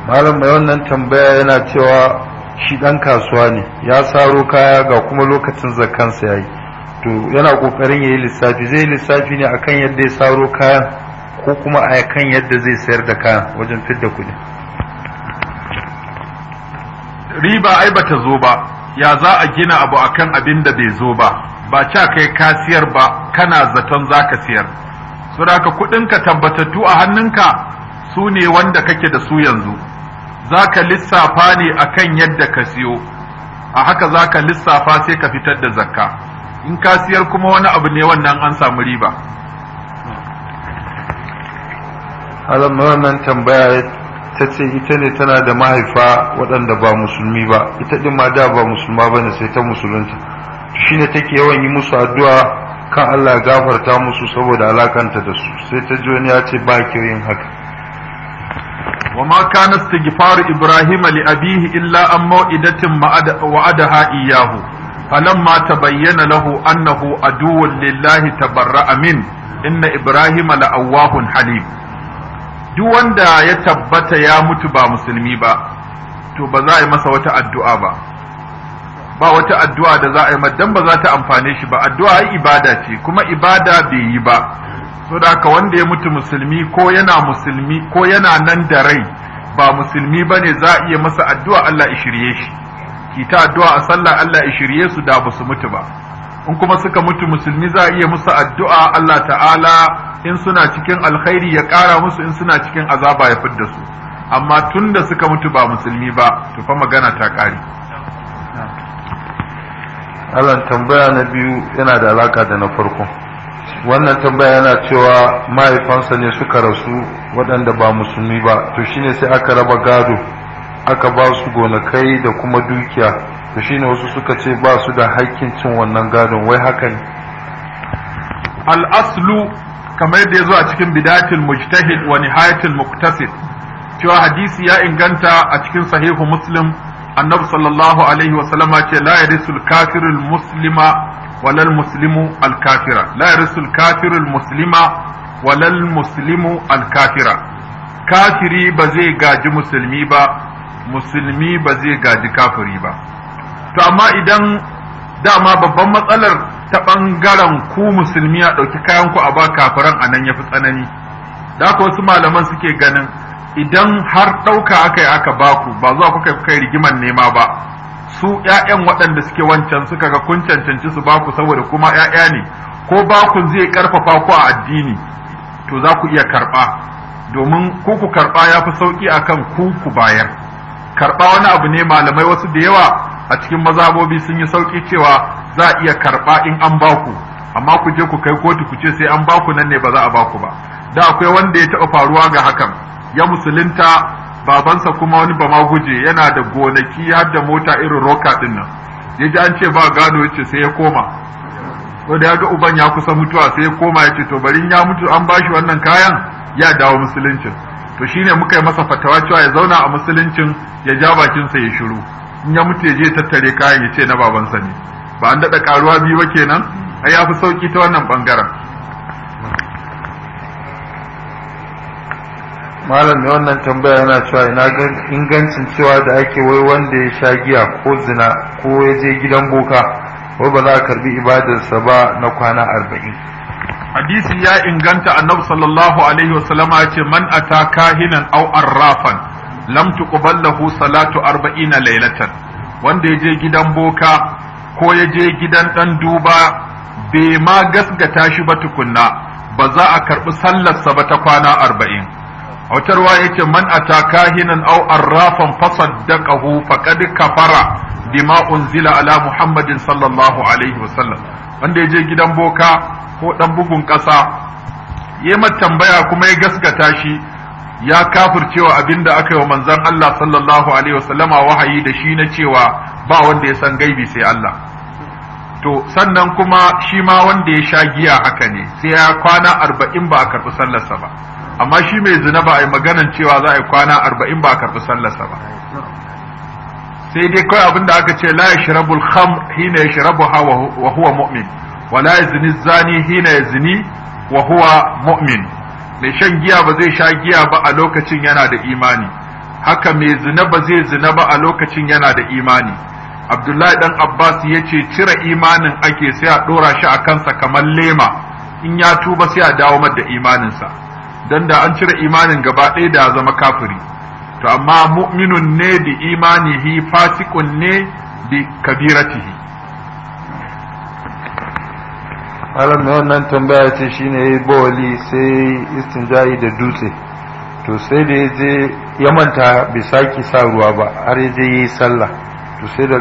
malam mai wannan tambaya yana cewa shi dan kasuwa ne ya saro kaya ga kuma lokacin zakansa ya yi to yana ƙoƙarin ya yi lissafi zai lissafi ne akan yadda ya saro kayan ko kuma a kan yadda zai sayar da kayan wajen fidda kuɗi riba ai bata zo ba ya za a gina abu akan abin da bai zo ba ba ca kai ka siyar ba kana zaton za ka siyar saboda ka tabbatattu a hannunka su ne wanda kake da su yanzu za ka lissafa ne akan yadda ka siyo a haka za ka lissafa sai ka fitar da zakka in ka siyar kuma wani abu ne wannan an samu riba alamman tambaya ta ce ita ne tana da mahaifa waɗanda ba musulmi ba ita ɗin ma da ba musulma ba ne sai ta musulunta shi ne take yawan yi musu addu'a kan Allah gafarta musu saboda alakanta da su sai ta ji wani ya ce ba ki yin haka wa ma kana istighfar ibrahim li abihi illa an mau'idatin wa'adaha iyyahu falamma tabayyana lahu annahu aduwwun lillahi tabarra'a min inna ibrahima la'awwahun halim duk wanda ya tabbata ya mutu ba musulmi ba to ba za a yi masa wata addu'a ba ba wata addu'a da za a yi madan ba za ta amfane shi ba addu'a yi ibada ce kuma ibada bai yi ba so da haka wanda ya mutu musulmi ko yana musulmi ko yana nan da rai ba musulmi ba ne za a iya masa addu'a Allah ya shirye shi ki addu'a a sallah Allah ya shirye su da ba su mutu ba in kuma suka mutu musulmi za a iya musu addu'a Allah ta'ala in suna cikin alkhairi ya ƙara musu in suna cikin azaba ya fidda su amma tun da suka mutu ba musulmi ba to fa magana ta ƙare Allah tambaya na biyu yana da alaka da na farko wannan tambaya yana cewa mahaifansa ne suka rasu waɗanda ba musulmi ba to shine sai aka raba gado aka ba su gonakai da kuma dukiya to shine wasu suka ce ba su da haƙƙin cin wannan gado. wai haka ne Al-Aslu. kamar yadda ya zo a cikin bidatul mujtahid wa nihayatul muqtasid cewa hadisi ya inganta a cikin sahihu muslim annabi sallallahu alaihi wasallama ce la yarisul kafirul muslima walal muslimu alkafira la yarisul kafirul muslima walal muslimu al kafira kafiri ba zai gaji musulmi ba musulmi ba zai gaji kafiri ba to amma idan dama babban matsalar ta ɓangaren ku musulmi a ɗauki kayan ku a ba kafiran a nan ya fi tsanani da haka wasu malaman suke ganin idan har ɗauka aka yi aka ba ku ba zuwa kuka kai rigiman nema ba su ƴaƴan waɗanda suke wancan suka ga kun cancanci su ba ku saboda kuma ƴaƴa ne ko ba ku zai ƙarfafa ku a addini to za ku iya karɓa domin ku ku karɓa ya fi sauƙi akan ku ku bayar karɓa wani abu ne malamai wasu da yawa a cikin mazabobi sun yi sauki cewa za a iya karba in an baku amma ku je ku kai kotu ku ce sai an baku nan ne ba za a baku ba da akwai wanda ya taɓa faruwa ga hakan ya musulunta babansa kuma wani ba ma guje yana da gonaki har da mota irin roka din nan ya ji an ce ba gano ya ce sai ya koma ko da ya ga uban ya kusa mutuwa sai ya koma ya ce to bari ya mutu an ba shi wannan kayan ya dawo musuluncin to shine muka yi masa fatawa cewa ya zauna a musuluncin ya ja bakinsa ya shiru in ya mutu je tattare kayan ya ce na babansa ne ba an daɗa karuwa biyu ba kenan ai ya fi sauƙi ta wannan ɓangaren. malam mai wannan tambaya yana cewa ina ingancin cewa da ake wai wanda ya sha giya ko zina ko ya je gidan boka wai ba za a karbi ibadarsa ba na kwana arba'in hadisi ya inganta annabi sallallahu alaihi wasallama ya ce man ata kahinan au arrafan lam tuqbal lahu salatu arba'ina laylatan wanda ya je gidan boka ko ya je gidan dan duba bai ma gasgata shi ba tukunna ba za a karbi sallarsa ba ta kwana arba'in autarwa yace man ata kahinan aw arrafan fasaddaqahu faqad kafara bima unzila ala muhammadin sallallahu alaihi wasallam wanda ya je gidan boka ko dan bugun kasa ya tambaya kuma ya gasgata shi ya kafircewa abinda aka yi wa manzon Allah sallallahu alaihi wasallama wahayi da shi na cewa ba wanda ya san gaibi sai Allah to sannan kuma shi ma wanda ya sha giya haka ne sai ya kwana arba'in ba a karɓi sallarsa ba amma shi mai zina ba a yi maganan cewa za a yi kwana arba'in ba a karɓi sallarsa ba sai dai kawai abinda aka ce la yashrabul kham hina yashrabuha wa huwa mu'min wa la yazni zani hina yazni wa huwa mu'min mai shan giya ba zai sha giya ba a lokacin yana da imani haka mai zina ba zai zina ba a lokacin yana da imani abdullahi dan abbas ya ce cire imanin ake sai a ɗora shi a kansa kamar lema in ya tuba sai a dawo da imaninsa don da an cire imanin gaba ɗaya da zama kafiri to amma mu'minun ne bi imanihi fasikun ne bi kabiratihi malam mai wannan tambaya ce shine yayi bawali sai istinja'i da dutse to sai da ya je ya manta bai saki sa ruwa ba har ya je yi sallah to sai da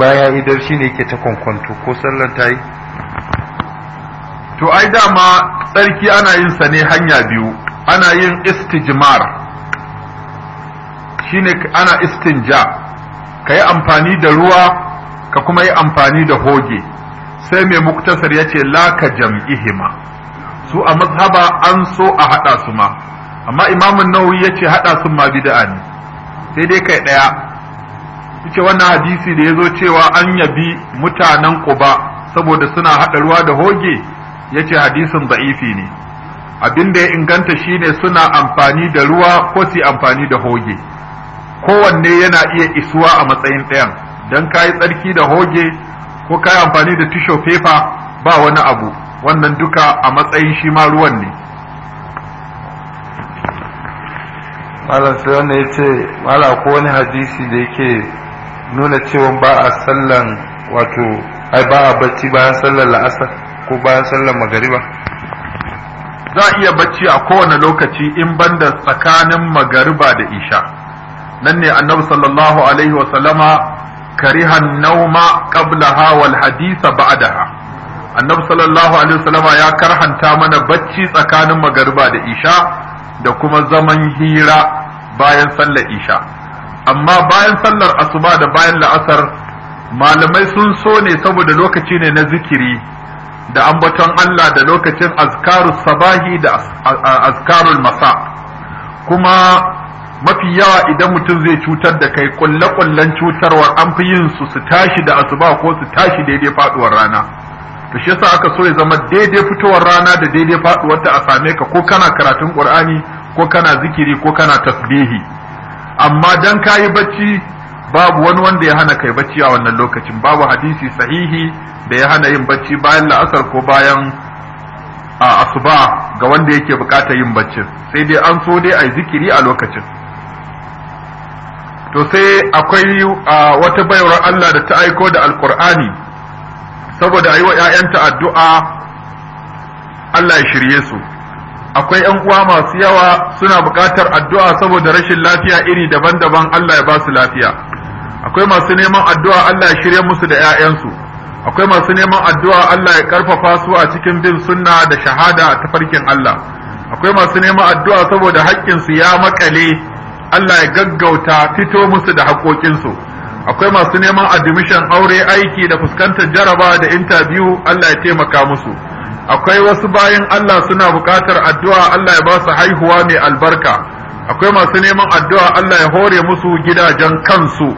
baya idar ne yake ta kwankwanto ko sallar ta yi to ai dama tsarki ana yin sa ne hanya biyu ana yin istijmar ne ana istinja ka yi amfani da ruwa ka kuma yi amfani da hoge sai mai muktasar ya ce laka jam'ihima su a mazhaba an so a haɗa su ma amma imamun nauyi ya ce haɗa su ma bid'a ne sai dai kai ɗaya ce wannan hadisi da ya zo cewa an yabi mutanen ƙuba saboda suna haɗa ruwa da hoge ya ce hadisin za'ifi ne abinda ya inganta shine suna amfani da ruwa ko su amfani da hoge kowanne yana iya isuwa a matsayin ɗayan don ka yi tsarki da hoge ko kai amfani da tissue paper ba wani abu wannan duka a matsayin shi ma ruwan ne malam sai wannan ya ce mala ko wani hadisi da yake nuna cewa ba a sallan wato ai ba a bacci bayan sallar la'asar ko bayan sallar magariba za a iya bacci a kowane lokaci in banda tsakanin magariba da isha nan ne annabi sallallahu alaihi wasallama Karihan nauma qablaha wal hadisa ba'daha annabi sallallahu alaihi wasallama ya karhanta mana bacci tsakanin magariba da isha da kuma zaman hira bayan sallar isha amma bayan sallar asuba da bayan la'asar malamai sun so ne saboda lokaci ne na zikiri da ambaton Allah da lokacin azkarus sabahi da azkarul masa kuma mafi yawa idan mutum zai cutar da kai kulle-kullen cutarwar an fi yin su su tashi da asuba ko su tashi daidai faduwar rana to shi yasa aka so ya zama daidai fitowar rana da daidai faduwar ta a same ka ko kana karatun qur'ani ko kana zikiri ko kana tasbihi amma dan kayi bacci babu wani wanda ya hana kai bacci a wannan lokacin babu hadisi sahihi da ya hana yin bacci bayan la'asar ko bayan a asuba ga wanda yake bukatar yin bacci. sai dai an so dai ai zikiri a lokacin to sai akwai wata baiwar Allah da ta aiko da alkur'ani saboda a yi wa 'ya'yanta addu'a Allah ya shirye su akwai 'yan uwa masu yawa suna buƙatar addu'a saboda rashin lafiya iri daban-daban Allah ya ba su lafiya akwai masu neman addu'a Allah ya shirye musu da 'ya'yansu akwai masu neman addu'a Allah ya ƙarfafa su a cikin bin sunna da shahada ta farkin Allah akwai masu neman addu'a saboda haƙƙinsu ya maƙale. Allah ya gaggauta fito musu da haƙoƙinsu akwai masu neman admission aure aiki da fuskantar jaraba da interview Allah ya taimaka musu akwai wasu bayan Allah suna buƙatar addu'a Allah ya ba su haihuwa mai albarka akwai masu neman addu'a Allah ya hore musu gidajen kansu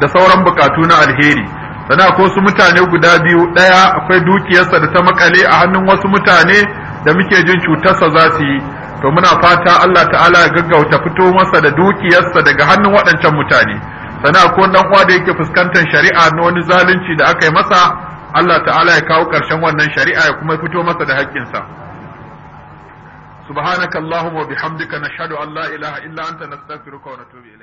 da sauran bukatu na alheri sana ko su mutane guda biyu ɗaya akwai dukiyarsa da ta makale a hannun wasu mutane da muke jin cutarsa za su yi to muna fata Allah ta'ala ya gaggauta fito masa da dukiyarsa daga hannun waɗancan mutane sana ko dan uwa da yake fuskantar shari'a na wani zalunci da aka yi masa Allah ta'ala ya kawo ƙarshen wannan shari'a ya kuma fito masa da haƙƙinsa subhanakallahumma wa bihamdika nashhadu an la ilaha illa anta nastaghfiruka wa natubu